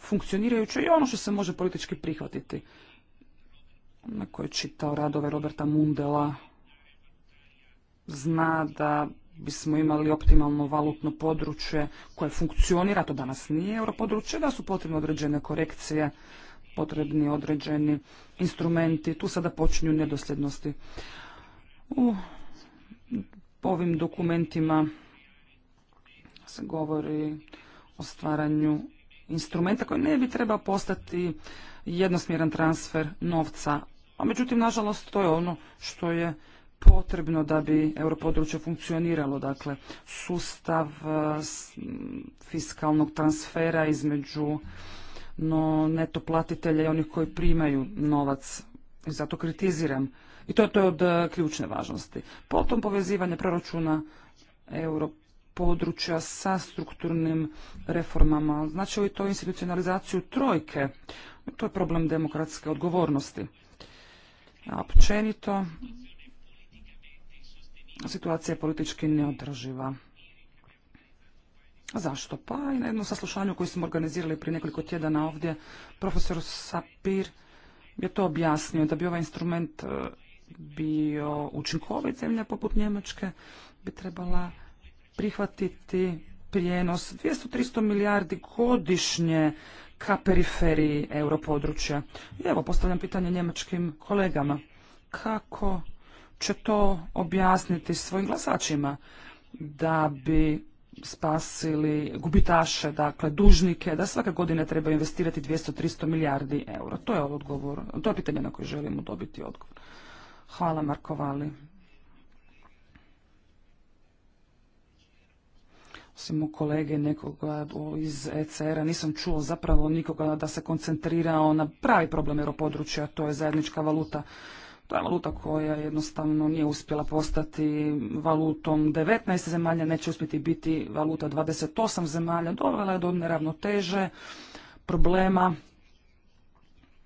funkcionirajuće i ono što se može politički prihvatiti. Na koji je čitao radove Roberta Mundela zna da bismo imali optimalno valutno područje koje funkcionira, to danas nije europodručje, da su potrebne određene korekcije, potrebni određeni instrumenti, tu sada počinju nedosljednosti. U po ovim dokumentima se govori o stvaranju instrumenta koji ne bi trebao postati jednosmjeran transfer novca. A međutim, nažalost, to je ono što je potrebno da bi europodručje funkcioniralo, dakle sustav e, fiskalnog transfera između no, neto platitelja i onih koji primaju novac. I zato kritiziram i to, to je od e, ključne važnosti. Potom povezivanje proračuna euro područja sa strukturnim reformama. Znači li to institucionalizaciju trojke? To je problem demokratske odgovornosti. A općenito, situacija je politički neodraživa. Zašto? Pa i na jednom saslušanju koje smo organizirali prije nekoliko tjedana ovdje, profesor Sapir je to objasnio, da bi ovaj instrument e, bio učinkovit, zemlja poput Njemačke bi trebala prihvatiti prijenos 200-300 milijardi godišnje ka periferiji europodručja. I evo, postavljam pitanje njemačkim kolegama. Kako će to objasniti svojim glasačima da bi spasili gubitaše, dakle dužnike, da svake godine treba investirati 200-300 milijardi eura. To je odgovor, to pitanje na koje želimo dobiti odgovor. Hvala Marko Vali. Osim kolege nekoga iz ECR-a nisam čuo zapravo nikoga da se koncentrirao na pravi problem europodručja, to je zajednička valuta. To je valuta koja jednostavno nije uspjela postati valutom 19 zemalja, neće uspjeti biti valuta 28 zemalja, dovela je do neravnoteže, problema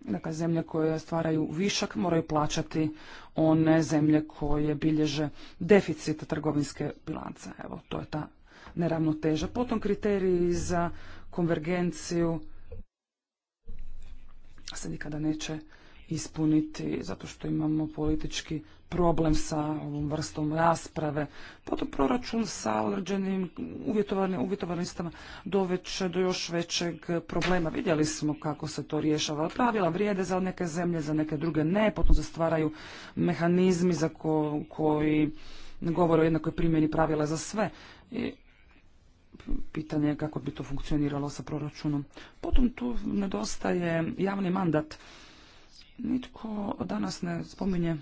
Dakle, zemlje koje stvaraju višak moraju plaćati one zemlje koje bilježe deficit trgovinske bilance. Evo, to je ta neravnoteža. Potom kriteriji za konvergenciju se nikada neće ispuniti zato što imamo politički problem sa ovom vrstom rasprave. Potom proračun sa određenim uvjetovanim do, do još većeg problema. Vidjeli smo kako se to rješava. Pravila vrijede za neke zemlje, za neke druge ne. Potom se stvaraju mehanizmi za ko, koji govore o jednakoj primjeni pravila za sve. I pitanje kako bi to funkcioniralo sa proračunom. Potom tu nedostaje javni mandat Nitko danas ne spominje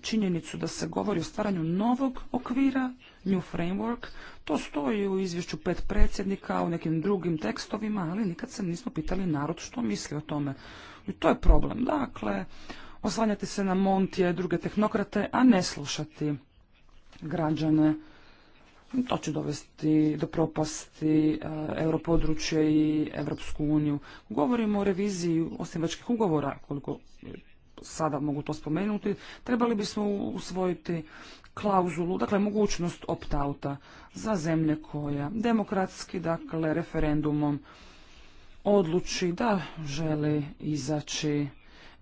činjenicu da se govori o stvaranju novog okvira, new framework. To stoji u izvješću pet predsjednika, u nekim drugim tekstovima, ali nikad se nismo pitali narod što misli o tome. I to je problem. Dakle, oslanjati se na Montije, druge tehnokrate, a ne slušati građane. To će dovesti do propasti e, europodručje i Europsku uniju. Govorimo o reviziji osnivačkih ugovora, koliko sada mogu to spomenuti, trebali bismo usvojiti klauzulu, dakle mogućnost opt-outa za zemlje koja demokratski, dakle referendumom odluči da želi izaći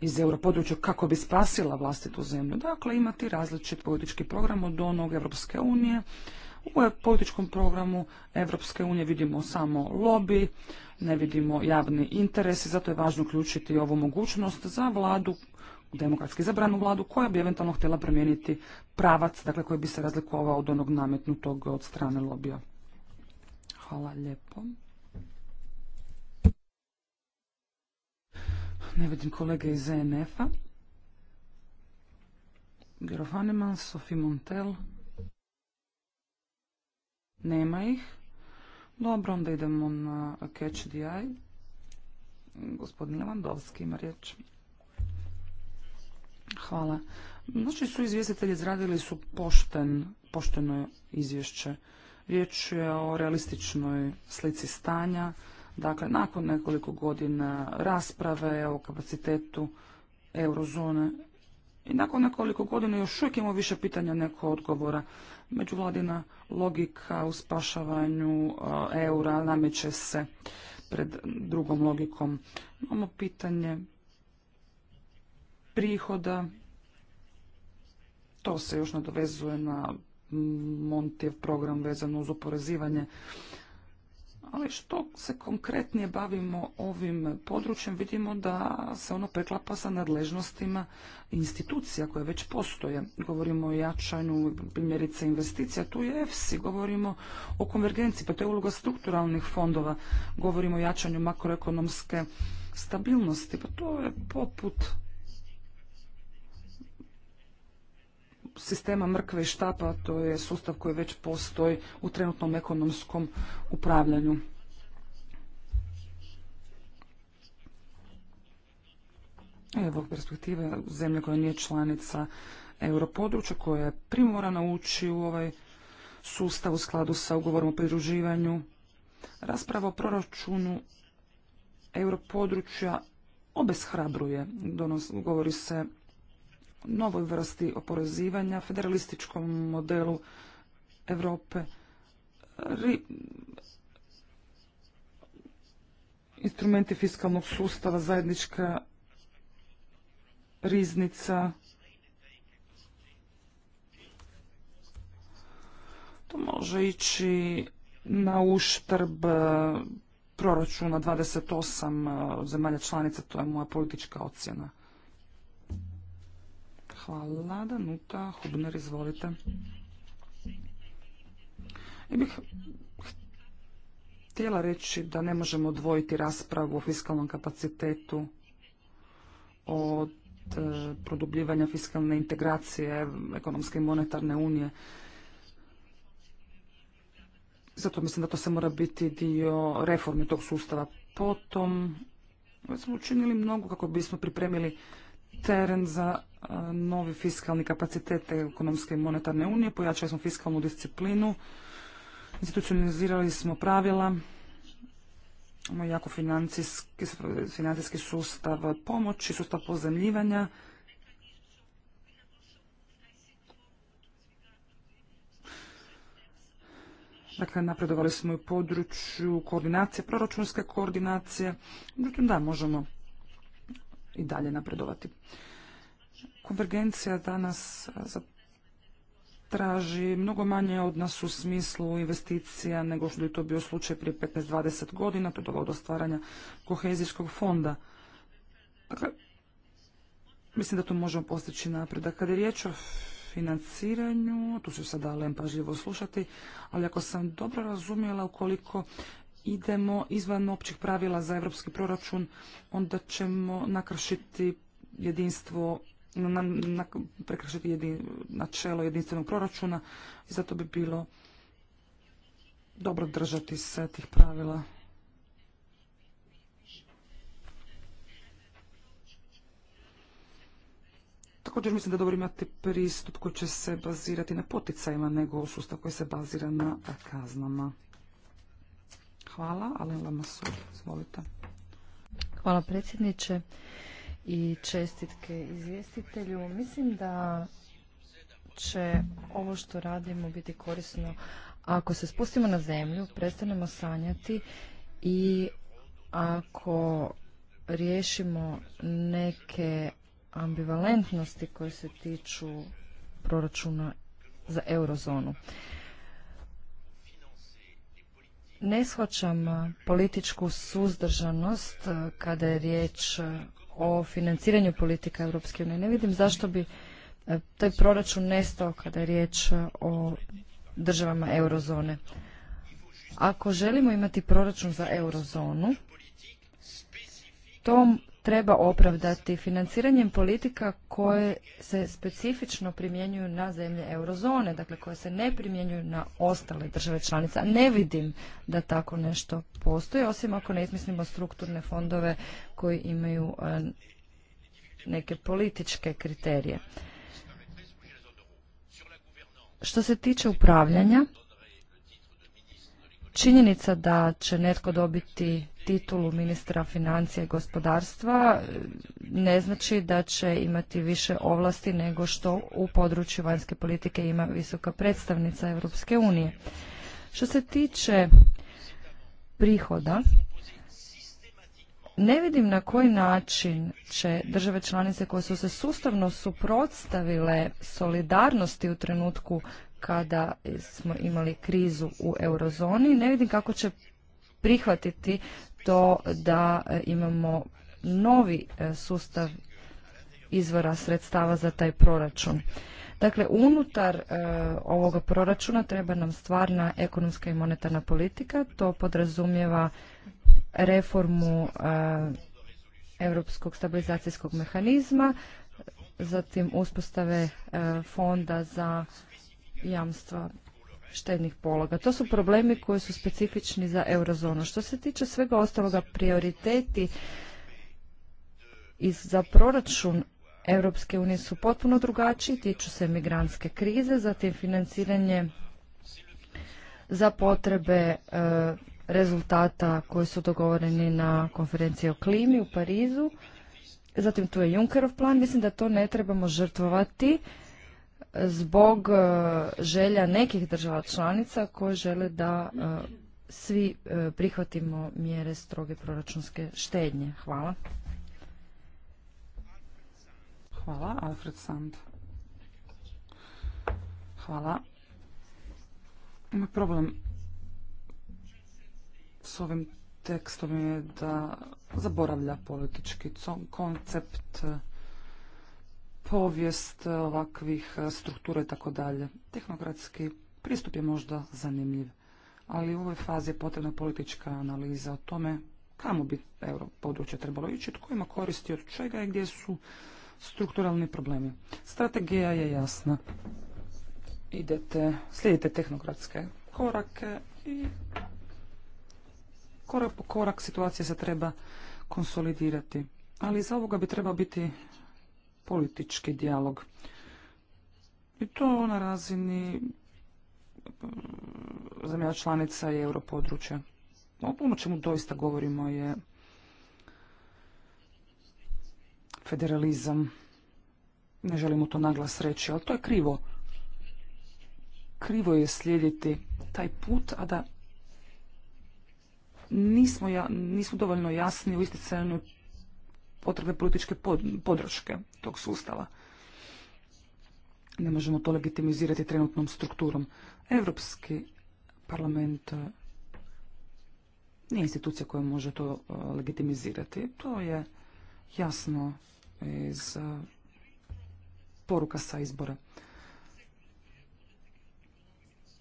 iz europodručja kako bi spasila vlastitu zemlju. Dakle, imati različit politički program od onog Evropske unije u političkom programu Evropske unije vidimo samo lobby, ne vidimo javni interes zato je važno uključiti ovu mogućnost za vladu, demokratski zabranu vladu, koja bi eventualno htjela promijeniti pravac, dakle koji bi se razlikovao od onog nametnutog od strane lobija. Hvala lijepo. Ne vidim kolege iz ENF-a. Montel. Nema ih. Dobro, onda idemo na Catch the Eye. Gospodin Levandovski ima riječ. Hvala. Znači su izvjestitelji izradili su pošten, pošteno izvješće. Riječ je o realističnoj slici stanja. Dakle, nakon nekoliko godina rasprave o kapacitetu eurozone i nakon nekoliko godina još uvijek imamo više pitanja neko odgovora. Međuvladina logika u spašavanju eh, eura nameće se pred drugom logikom. Imamo pitanje prihoda. To se još nadovezuje na Montijev program vezano uz oporezivanje ali što se konkretnije bavimo ovim područjem, vidimo da se ono preklapa sa nadležnostima institucija koje već postoje. Govorimo o jačanju primjerice investicija, tu je EFSI, govorimo o konvergenciji, pa to je uloga strukturalnih fondova, govorimo o jačanju makroekonomske stabilnosti, pa to je poput sistema mrkve i štapa, to je sustav koji već postoji u trenutnom ekonomskom upravljanju. Evo perspektive zemlje koja nije članica europodručja, koja je primorana ući u ovaj sustav u skladu sa ugovorom o pridruživanju. Rasprava o proračunu europodručja obeshrabruje. Donos, govori se novoj vrsti oporezivanja, federalističkom modelu Europe. Instrumenti fiskalnog sustava, zajednička riznica. To može ići na uštrb e, proračuna 28 e, zemalja članica, to je moja politička ocjena. Hvala, Danuta Hubner, izvolite. Ja bih htjela reći da ne možemo odvojiti raspravu o fiskalnom kapacitetu od e, produbljivanja fiskalne integracije ekonomske i monetarne unije. Zato mislim da to se mora biti dio reforme tog sustava. Potom smo učinili mnogo kako bismo pripremili teren za novi fiskalni kapacitet ekonomske i monetarne unije, pojačali smo fiskalnu disciplinu, institucionalizirali smo pravila, imamo jako financijski, sustav pomoći, sustav pozemljivanja, Dakle, napredovali smo i u području koordinacije, proračunske koordinacije. Međutim, da, možemo i dalje napredovati. Konvergencija danas traži mnogo manje od nas u smislu investicija nego što je to bio slučaj prije 15-20 godina, to je dovoljno do stvaranja kohezijskog fonda. Dakle, mislim da to možemo postići napredak. Kada je riječ o financiranju, tu se sada dalem pažljivo slušati, ali ako sam dobro razumjela, ukoliko idemo izvan općih pravila za europski proračun, onda ćemo nakršiti jedinstvo na, na, prekršiti načelo jedinstvenog proračuna i zato bi bilo dobro držati se tih pravila. Također mislim da dobro imati pristup koji će se bazirati na poticajima nego sustav koji se bazira na kaznama. Hvala. Alen Lamasur, izvolite. Hvala predsjedniče i čestitke izvjestitelju. Mislim da će ovo što radimo biti korisno ako se spustimo na zemlju, prestanemo sanjati i ako riješimo neke ambivalentnosti koje se tiču proračuna za eurozonu. Ne shvaćam političku suzdržanost kada je riječ o financiranju politika Europske unije. Ne vidim zašto bi taj proračun nestao kada je riječ o državama eurozone. Ako želimo imati proračun za eurozonu, tom treba opravdati financiranjem politika koje se specifično primjenjuju na zemlje eurozone, dakle koje se ne primjenjuju na ostale države članice. Ne vidim da tako nešto postoji, osim ako ne izmislimo strukturne fondove koji imaju e, neke političke kriterije. Što se tiče upravljanja, Činjenica da će netko dobiti titulu ministra financija i gospodarstva ne znači da će imati više ovlasti nego što u području vanjske politike ima visoka predstavnica Europske unije. Što se tiče prihoda, ne vidim na koji način će države članice koje su se sustavno suprotstavile solidarnosti u trenutku kada smo imali krizu u eurozoni. Ne vidim kako će prihvatiti to da e, imamo novi e, sustav izvora sredstava za taj proračun. Dakle, unutar e, ovoga proračuna treba nam stvarna ekonomska i monetarna politika. To podrazumijeva reformu Europskog stabilizacijskog mehanizma, zatim uspostave fonda za jamstva štednih pologa. To su problemi koji su specifični za eurozonu. Što se tiče svega ostaloga prioriteti iz, za proračun Europske unije su potpuno drugačiji, tiču se migrantske krize, zatim financiranje za potrebe e, rezultata koji su dogovoreni na konferenciji o klimi u Parizu. Zatim tu je Junckerov plan, mislim da to ne trebamo žrtvovati zbog e, želja nekih država članica koje žele da e, svi e, prihvatimo mjere stroge proračunske štednje. Hvala. Hvala, Alfred Sand. Hvala. Moj problem s ovim tekstom je da zaboravlja politički koncept povijest e, ovakvih e, struktura i tako dalje. Tehnokratski pristup je možda zanimljiv, ali u ovoj fazi je potrebna politička analiza o tome kamo bi euro područje trebalo ići, tko ima koristi od čega i gdje su strukturalni problemi. Strategija je jasna. Idete, slijedite tehnokratske korake i korak po korak situacija se treba konsolidirati. Ali za ovoga bi trebao biti politički dijalog. I to na razini eh, zemlja članica i europodručja. Ono čemu doista govorimo je federalizam. Ne želimo to naglas reći, ali to je krivo. Krivo je slijediti taj put, a da nismo, nismo dovoljno jasni u isticanju potrebe političke podrške tog sustava. Ne možemo to legitimizirati trenutnom strukturom. Europski parlament e, nije institucija koja može to e, legitimizirati. To je jasno iz e, poruka sa izbora.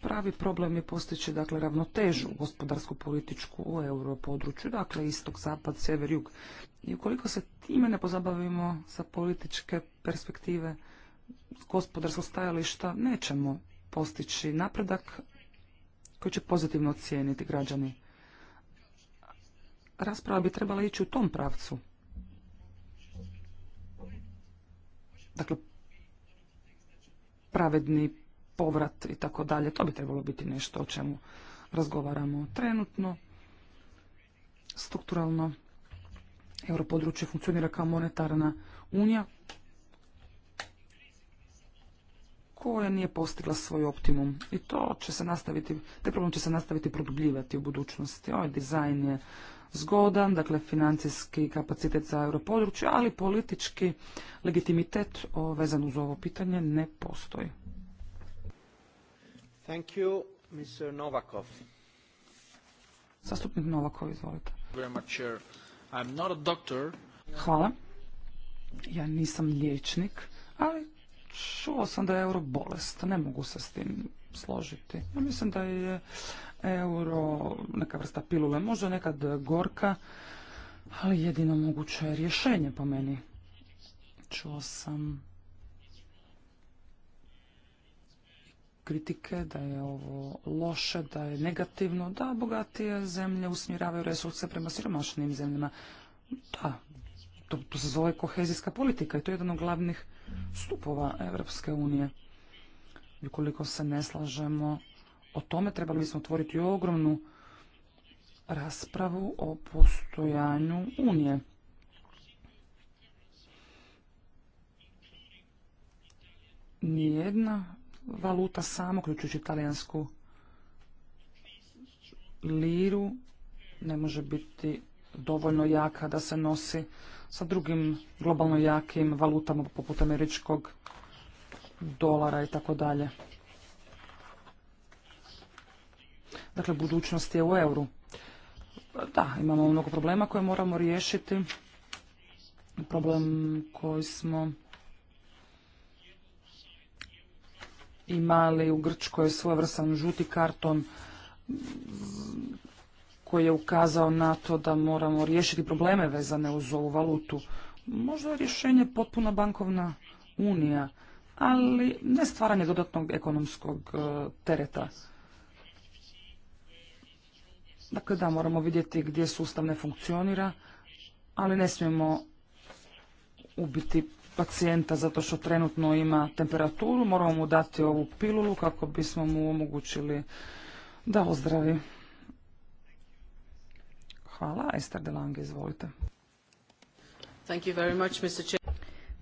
Pravi problem je postići dakle, ravnotežu gospodarsku političku u europodručju, dakle istok, zapad, sjever, jug. I ukoliko se time ne pozabavimo sa političke perspektive gospodarskog stajališta, nećemo postići napredak koji će pozitivno ocijeniti građani. Rasprava bi trebala ići u tom pravcu. Dakle, pravedni povrat i tako dalje. To bi trebalo biti nešto o čemu razgovaramo trenutno. Strukturalno europodručje funkcionira kao monetarna unija koja nije postigla svoj optimum i to će se nastaviti, te problem će se nastaviti produbljivati u budućnosti. Ovaj dizajn je zgodan, dakle financijski kapacitet za europodručje, ali politički legitimitet vezan uz ovo pitanje ne postoji. Thank Zastupnik Novakov, izvolite. Hvala. Ja nisam liječnik, ali čuo sam da je euro bolest. Ne mogu se s tim složiti. Ja mislim da je euro neka vrsta pilule. Možda nekad gorka, ali jedino moguće je rješenje po meni. Čuo sam kritike da je ovo loše, da je negativno, da bogatije zemlje usmjeravaju resurse prema siromašnim zemljama. Da, to, to se zove kohezijska politika i to je jedan od glavnih stupova Europske unije. I ukoliko se ne slažemo o tome, trebali smo otvoriti ogromnu raspravu o postojanju unije. Nijedna valuta samo uključujući talijansku liru, ne može biti dovoljno jaka da se nosi sa drugim globalno jakim valutama poput američkog dolara i tako dalje. Dakle, budućnost je u euru. Da, imamo mnogo problema koje moramo riješiti. Problem koji smo imali u Grčkoj svojevrstan žuti karton koji je ukazao na to da moramo riješiti probleme vezane uz ovu valutu. Možda je rješenje potpuna bankovna unija, ali ne stvaranje dodatnog ekonomskog e, tereta. Dakle, da, moramo vidjeti gdje sustav ne funkcionira, ali ne smijemo ubiti pacijenta zato što trenutno ima temperaturu, moramo mu dati ovu pilulu kako bismo mu omogućili da ozdravi. Hvala. Ester izvolite.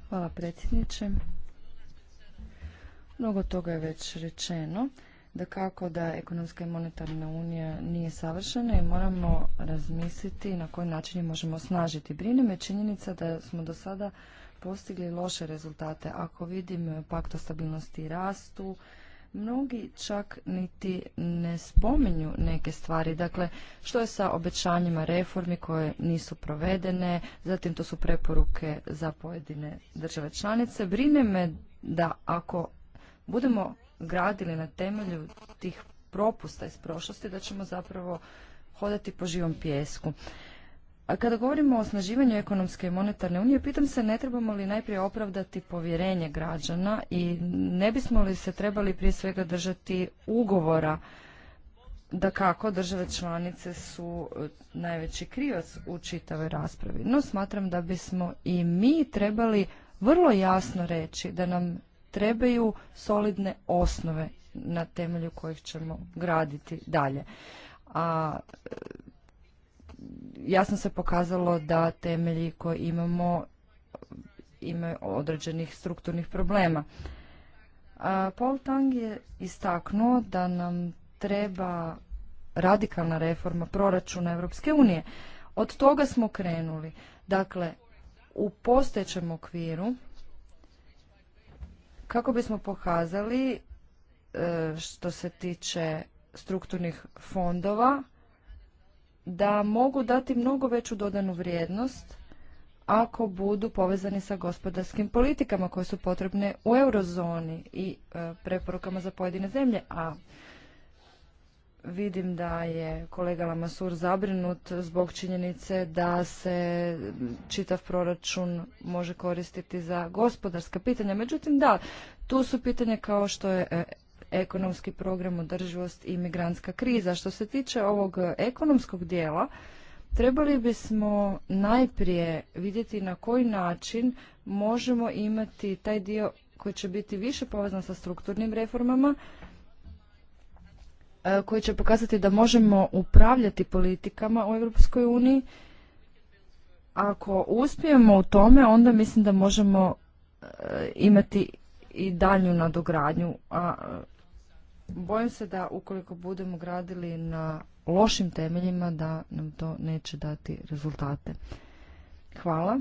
Hvala predsjedniče. Mnogo toga je već rečeno. Da kako da ekonomska i monetarna unija nije savršena i moramo razmisliti na koji način možemo snažiti. Brine me činjenica da smo do sada postigli loše rezultate. Ako vidim eh, pakt o stabilnosti i rastu, mnogi čak niti ne spominju neke stvari. Dakle, što je sa obećanjima reformi koje nisu provedene, zatim to su preporuke za pojedine države članice. Brine me da ako budemo gradili na temelju tih propusta iz prošlosti, da ćemo zapravo hodati po živom pjesku. Kada govorimo o osnaživanju ekonomske i monetarne unije, pitam se ne trebamo li najprije opravdati povjerenje građana i ne bismo li se trebali prije svega držati ugovora da kako države članice su e, najveći krivac u čitavoj raspravi. No smatram da bismo i mi trebali vrlo jasno reći da nam trebaju solidne osnove na temelju kojih ćemo graditi dalje. A e, jasno se pokazalo da temelji koje imamo imaju određenih strukturnih problema. A Paul Tang je istaknuo da nam treba radikalna reforma proračuna Europske unije. Od toga smo krenuli. Dakle, u postojećem okviru kako bismo pokazali e, što se tiče strukturnih fondova da mogu dati mnogo veću dodanu vrijednost ako budu povezani sa gospodarskim politikama koje su potrebne u eurozoni i e, preporukama za pojedine zemlje. A vidim da je kolega Lamasur zabrinut zbog činjenice da se čitav proračun može koristiti za gospodarska pitanja. Međutim, da, tu su pitanja kao što je e, ekonomski program održivost i migrantska kriza. Što se tiče ovog ekonomskog dijela, trebali bismo najprije vidjeti na koji način možemo imati taj dio koji će biti više povezan sa strukturnim reformama, e, koji će pokazati da možemo upravljati politikama u Europskoj uniji. Ako uspijemo u tome, onda mislim da možemo e, imati i dalju nadogradnju, a Bojim se da ukoliko budemo gradili na lošim temeljima da nam to neće dati rezultate. Hvala.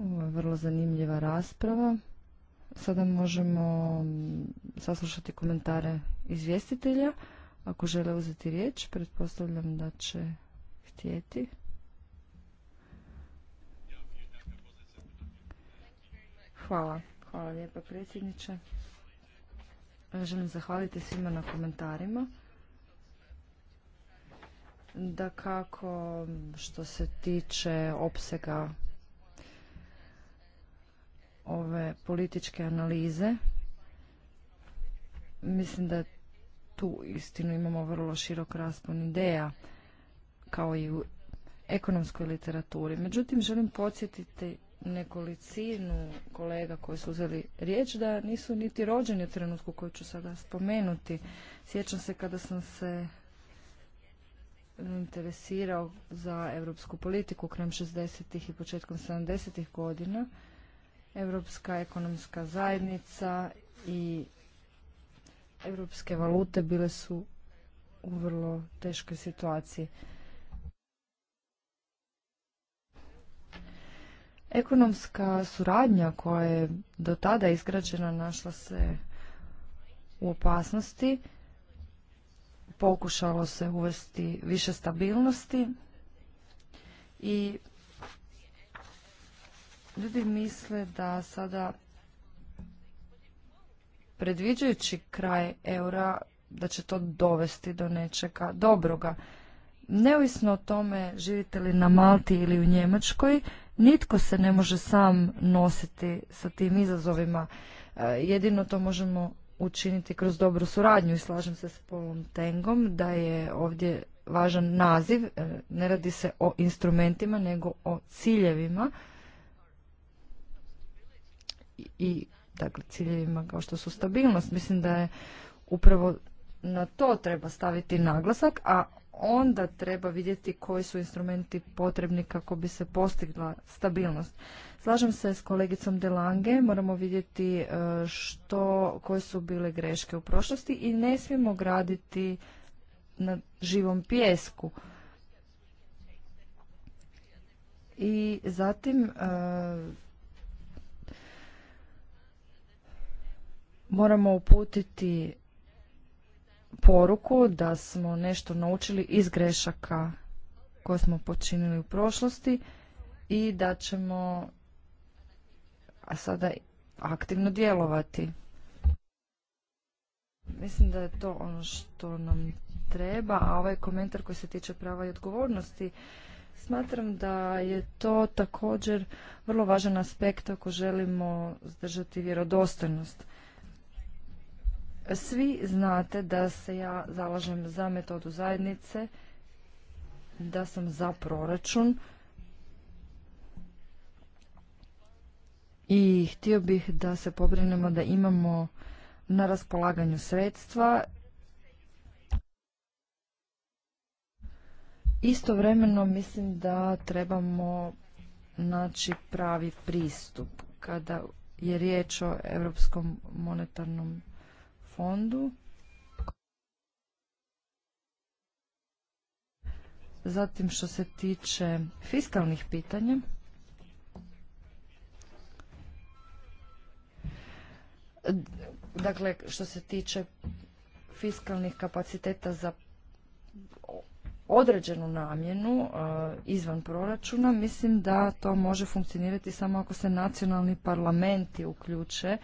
Ovo je vrlo zanimljiva rasprava. Sada možemo saslušati komentare izvjestitelja. Ako žele uzeti riječ, pretpostavljam da će htjeti. Hvala. Hvala lijepa predsjedniče. Želim zahvaliti svima na komentarima. Da kako što se tiče opsega ove političke analize, mislim da tu istinu imamo vrlo širok raspon ideja kao i u ekonomskoj literaturi. Međutim, želim podsjetiti nekolicinu kolega koji su uzeli riječ da nisu niti rođeni u trenutku koju ću sada spomenuti. Sjećam se kada sam se mm, interesirao za europsku politiku krajem 60. i početkom 70. godina. Europska ekonomska zajednica i europske valute bile su u vrlo teškoj situaciji. Ekonomska suradnja koja je do tada izgrađena našla se u opasnosti. Pokušalo se uvesti više stabilnosti i ljudi misle da sada predviđajući kraj eura da će to dovesti do nečega dobroga. Neovisno o tome živite li na Malti ili u Njemačkoj, Nitko se ne može sam nositi sa tim izazovima. E, jedino to možemo učiniti kroz dobru suradnju i slažem se s Polom Tengom da je ovdje važan naziv, e, ne radi se o instrumentima nego o ciljevima i dakle ciljevima kao što su stabilnost. Mislim da je upravo na to treba staviti naglasak, a onda treba vidjeti koji su instrumenti potrebni kako bi se postigla stabilnost. Slažem se s kolegicom Delange, moramo vidjeti e, što, koje su bile greške u prošlosti i ne smijemo graditi na živom pjesku. I zatim e, moramo uputiti poruku da smo nešto naučili iz grešaka koje smo počinili u prošlosti i da ćemo a sada aktivno djelovati. Mislim da je to ono što nam treba, a ovaj komentar koji se tiče prava i odgovornosti Smatram da je to također vrlo važan aspekt ako želimo zdržati vjerodostojnost svi znate da se ja zalažem za metodu zajednice, da sam za proračun i htio bih da se pobrinemo da imamo na raspolaganju sredstva Istovremeno mislim da trebamo naći pravi pristup kada je riječ o Europskom monetarnom fondu. Zatim što se tiče fiskalnih pitanja, dakle što se tiče fiskalnih kapaciteta za određenu namjenu e, izvan proračuna, mislim da to može funkcionirati samo ako se nacionalni parlamenti uključe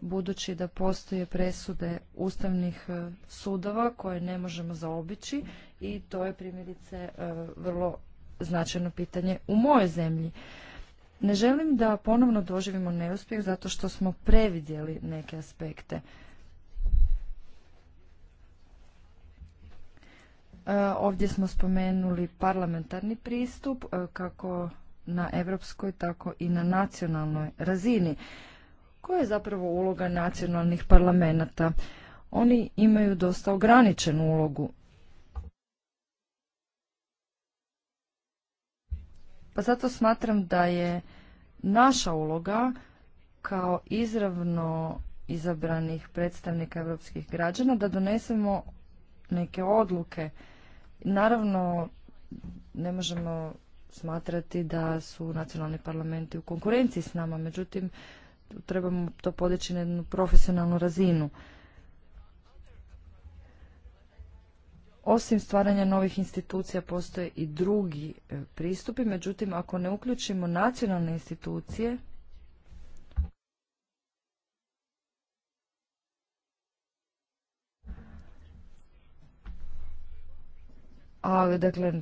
budući da postoje presude ustavnih e, sudova koje ne možemo zaobići i to je primjerice e, vrlo značajno pitanje u mojoj zemlji. Ne želim da ponovno doživimo neuspjeh zato što smo previdjeli neke aspekte. E, ovdje smo spomenuli parlamentarni pristup kako na europskoj tako i na nacionalnoj razini koja je zapravo uloga nacionalnih parlamenta? Oni imaju dosta ograničenu ulogu. Pa zato smatram da je naša uloga kao izravno izabranih predstavnika europskih građana da donesemo neke odluke. Naravno, ne možemo smatrati da su nacionalni parlamenti u konkurenciji s nama, međutim, trebamo to podići na jednu profesionalnu razinu. Osim stvaranja novih institucija postoje i drugi e, pristupi, međutim ako ne uključimo nacionalne institucije, ali dakle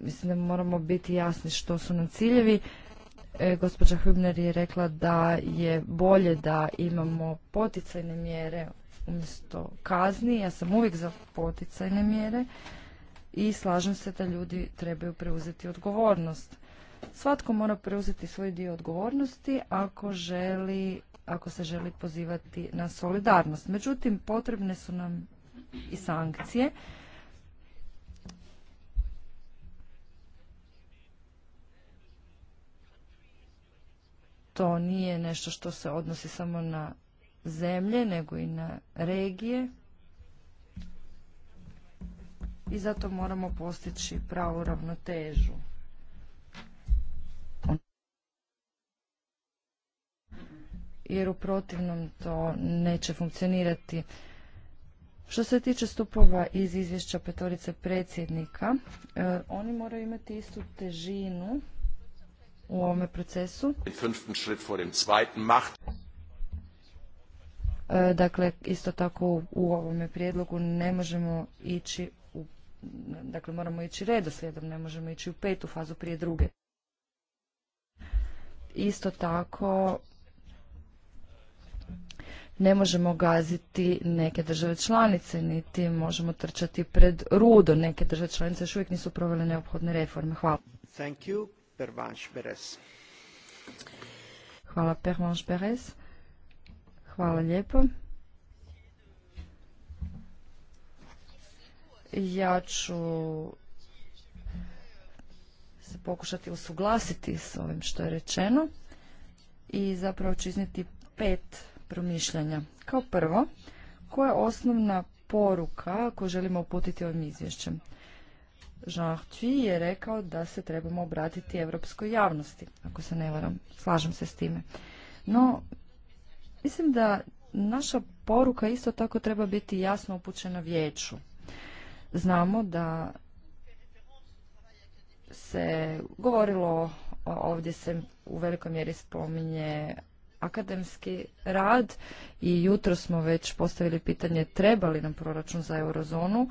mislim da moramo biti jasni što su nam ciljevi E, gospođa Hübner je rekla da je bolje da imamo poticajne mjere umjesto kazni. Ja sam uvijek za poticajne mjere i slažem se da ljudi trebaju preuzeti odgovornost. Svatko mora preuzeti svoj dio odgovornosti ako želi ako se želi pozivati na solidarnost. Međutim, potrebne su nam i sankcije to nije nešto što se odnosi samo na zemlje, nego i na regije. I zato moramo postići pravu ravnotežu. Jer u protivnom to neće funkcionirati. Što se tiče stupova iz izvješća petorice predsjednika, e, oni moraju imati istu težinu u ovome procesu. E, dakle, isto tako u ovome prijedlogu ne možemo ići dakle moramo ići redoslijedom, ne možemo ići u petu fazu prije druge. Isto tako ne možemo gaziti neke države članice, niti možemo trčati pred rudo. Neke države članice još uvijek nisu provele neophodne reforme. Hvala. Hvala Hvala lijepo. Ja ću se pokušati usuglasiti s ovim što je rečeno i zapravo ću iznijeti pet promišljanja. Kao prvo, koja je osnovna poruka koju želimo uputiti ovim izvješćem? Jean Arthuy je rekao da se trebamo obratiti evropskoj javnosti, ako se ne varam. Slažem se s time. No, mislim da naša poruka isto tako treba biti jasno upućena vijeću. Znamo da se govorilo, ovdje se u velikoj mjeri spominje akademski rad i jutro smo već postavili pitanje treba li nam proračun za eurozonu.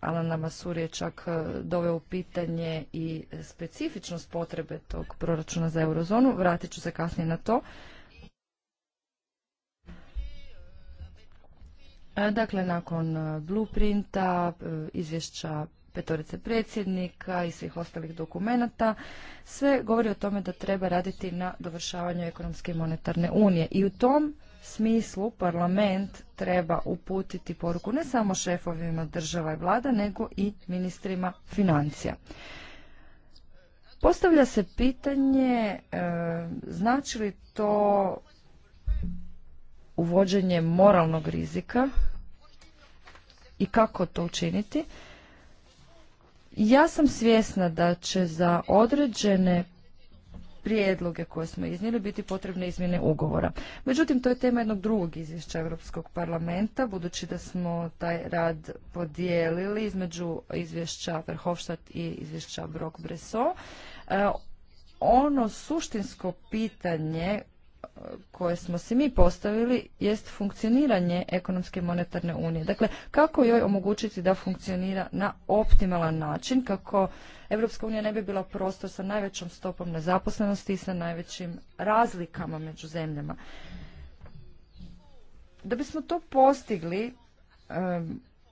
Alana Masur je čak e, doveo u pitanje i specifičnost potrebe tog proračuna za eurozonu. Vratit ću se kasnije na to. E, dakle, nakon e, blueprinta, izvješća petorice predsjednika i svih ostalih dokumenata, sve govori o tome da treba raditi na dovršavanju ekonomske i monetarne unije. I u tom smislu parlament treba uputiti poruku ne samo šefovima država i vlada, nego i ministrima financija. Postavlja se pitanje e, znači li to uvođenje moralnog rizika i kako to učiniti. Ja sam svjesna da će za određene prijedloge koje smo iznijeli biti potrebne izmjene ugovora. Međutim, to je tema jednog drugog izvješća Europskog parlamenta, budući da smo taj rad podijelili između izvješća Verhofstadt i izvješća Brok-Bresson. E, ono suštinsko pitanje koje smo si mi postavili jest funkcioniranje ekonomske monetarne unije. Dakle, kako joj omogućiti da funkcionira na optimalan način, kako Evropska unija ne bi bila prostor sa najvećom stopom nezaposlenosti i sa najvećim razlikama među zemljama. Da bismo to postigli,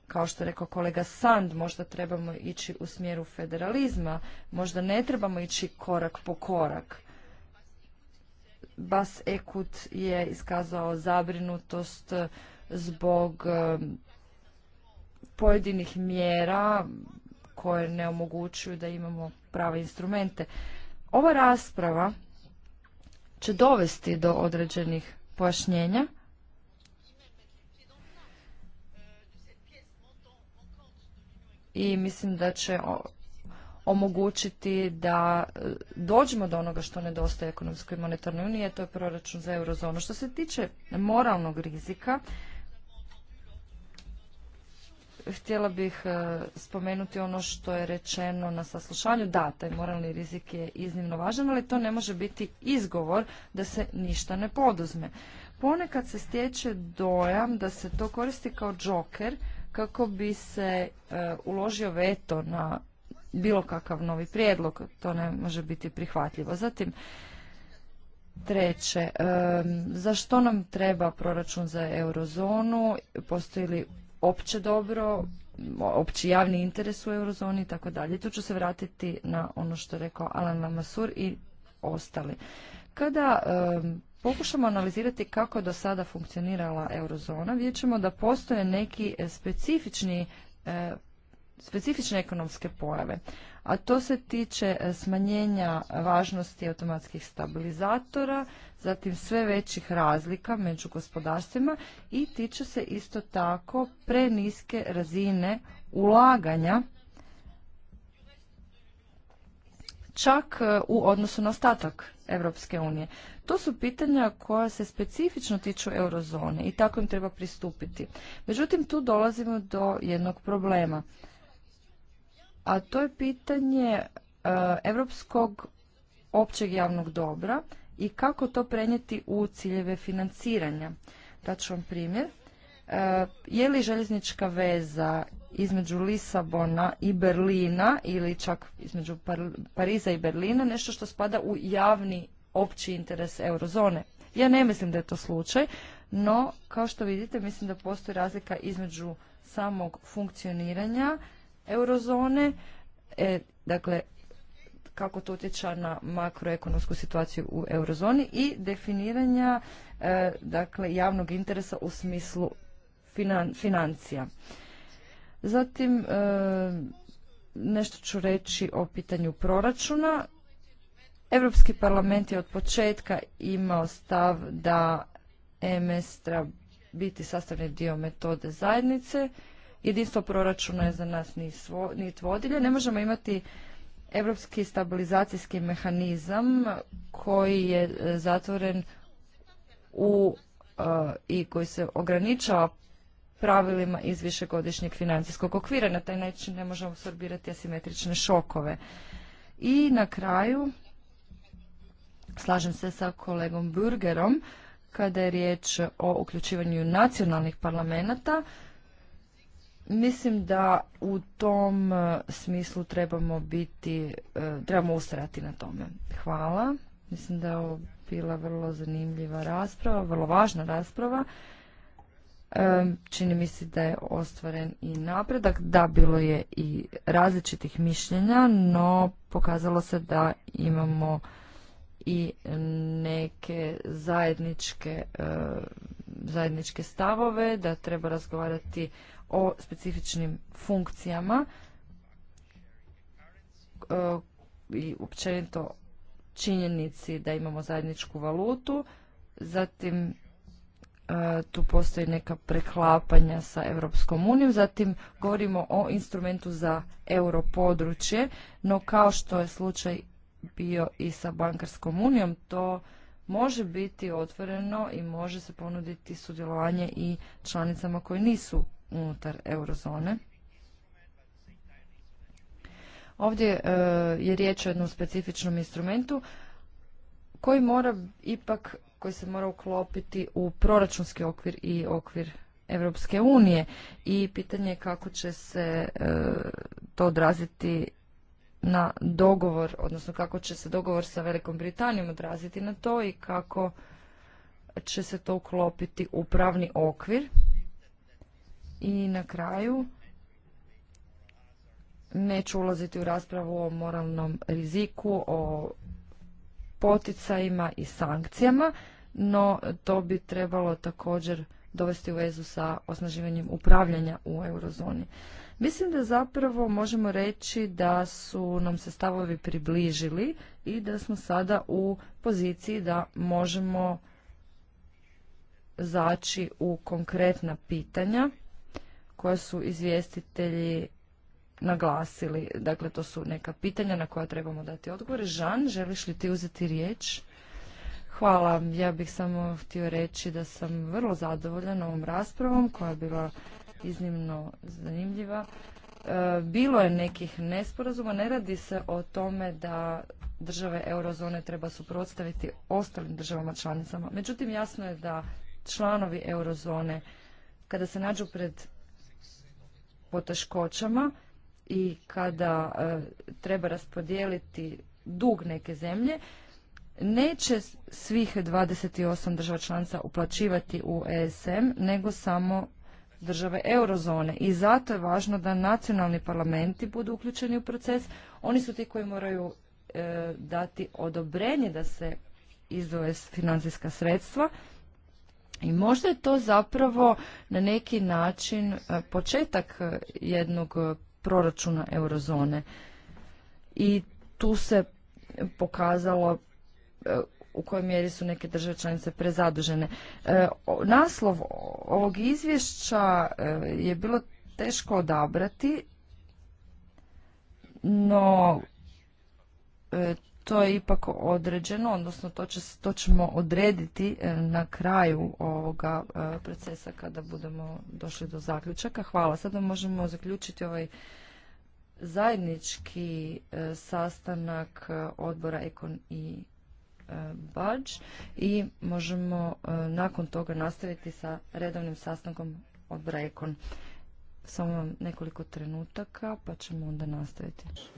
kao što je rekao kolega Sand, možda trebamo ići u smjeru federalizma, možda ne trebamo ići korak po korak Bas Ekut je iskazao zabrinutost zbog um, pojedinih mjera koje ne omogućuju da imamo prave instrumente. Ova rasprava će dovesti do određenih pojašnjenja. I mislim da će omogućiti da e, dođemo do onoga što nedostaje ekonomskoj monetarnoj uniji, a to je proračun za eurozonu. Što se tiče moralnog rizika, htjela bih e, spomenuti ono što je rečeno na saslušanju. Da, taj moralni rizik je iznimno važan, ali to ne može biti izgovor da se ništa ne poduzme. Ponekad se stječe dojam da se to koristi kao džoker kako bi se e, uložio veto na bilo kakav novi prijedlog, to ne može biti prihvatljivo. Zatim, treće, za nam treba proračun za eurozonu, postoji li opće dobro, opći javni interes u eurozoni i tako dalje. Tu ću se vratiti na ono što je rekao Alan Lamassur i ostali. Kada pokušamo analizirati kako do sada funkcionirala eurozona, vidjet ćemo da postoje neki specifični e, specifične ekonomske pojave, a to se tiče e, smanjenja važnosti automatskih stabilizatora, zatim sve većih razlika među gospodarstvima i tiče se isto tako preniske razine ulaganja čak e, u odnosu na ostatak Europske unije. To su pitanja koja se specifično tiču eurozone i tako im treba pristupiti. Međutim, tu dolazimo do jednog problema a to je pitanje europskog općeg javnog dobra i kako to prenijeti u ciljeve financiranja. ću vam primjer. E, je li željeznička veza između Lisabona i Berlina ili čak između Pariza i Berlina nešto što spada u javni opći interes eurozone? Ja ne mislim da je to slučaj, no kao što vidite mislim da postoji razlika između samog funkcioniranja eurozone, e, dakle kako to utječe na makroekonomsku situaciju u eurozoni i definiranja e, dakle javnog interesa u smislu financija. Zatim e, nešto ću reći o pitanju proračuna. Europski parlament je od početka imao stav da MS treba biti sastavni dio metode zajednice jedinstvo proračuna je za nas ni vodilje. Ne možemo imati europski stabilizacijski mehanizam koji je e, zatvoren u e, i koji se ograničava pravilima iz višegodišnjeg financijskog okvira. Na taj način ne možemo absorbirati asimetrične šokove. I na kraju, slažem se sa kolegom Burgerom, kada je riječ o uključivanju nacionalnih parlamenta, Mislim da u tom e, smislu trebamo biti, e, trebamo ustrati na tome. Hvala. Mislim da je ovo bila vrlo zanimljiva rasprava, vrlo važna rasprava. E, čini mi se da je ostvaren i napredak, da bilo je i različitih mišljenja, no pokazalo se da imamo i neke zajedničke, zajedničke stavove, da treba razgovarati o specifičnim funkcijama e, i općenito činjenici da imamo zajedničku valutu, zatim e, tu postoji neka preklapanja sa Europskom unijom, zatim govorimo o instrumentu za europodručje, no kao što je slučaj bio i sa bankarskom unijom, to može biti otvoreno i može se ponuditi sudjelovanje i članicama koje nisu unutar eurozone. Ovdje e, je riječ o jednom specifičnom instrumentu koji mora ipak, koji se mora uklopiti u proračunski okvir i okvir Europske unije i pitanje je kako će se e, to odraziti na dogovor, odnosno kako će se dogovor sa Velikom Britanijom odraziti na to i kako će se to uklopiti u pravni okvir i na kraju, neću ulaziti u raspravu o moralnom riziku, o poticajima i sankcijama, no to bi trebalo također dovesti u vezu sa osnaživanjem upravljanja u eurozoni. Mislim da zapravo možemo reći da su nam se stavovi približili i da smo sada u poziciji da možemo zaći u konkretna pitanja koje su izvjestitelji naglasili. Dakle, to su neka pitanja na koja trebamo dati odgovore. Žan, želiš li ti uzeti riječ? Hvala. Ja bih samo htio reći da sam vrlo zadovoljan ovom raspravom koja je bila iznimno zanimljiva. E, bilo je nekih nesporazuma. Ne radi se o tome da države eurozone treba suprotstaviti ostalim državama članicama. Međutim, jasno je da članovi eurozone kada se nađu pred poteškoćama i kada e, treba raspodijeliti dug neke zemlje, neće svih 28 država članica uplaćivati u ESM, nego samo države eurozone. I zato je važno da nacionalni parlamenti budu uključeni u proces. Oni su ti koji moraju e, dati odobrenje da se izdvoje financijska sredstva i možda je to zapravo na neki način e, početak e, jednog e, proračuna eurozone. I tu se pokazalo u kojoj mjeri su neke države članice prezadužene. naslov ovog izvješća je bilo teško odabrati, no to je ipak određeno, odnosno to, će, to ćemo odrediti e, na kraju ovoga e, procesa kada budemo došli do zaključaka. Hvala. Sada možemo zaključiti ovaj zajednički e, sastanak odbora Ekon i Bađ i možemo nakon toga nastaviti sa redovnim sastankom odbora Ekon. Samo vam nekoliko trenutaka pa ćemo onda nastaviti.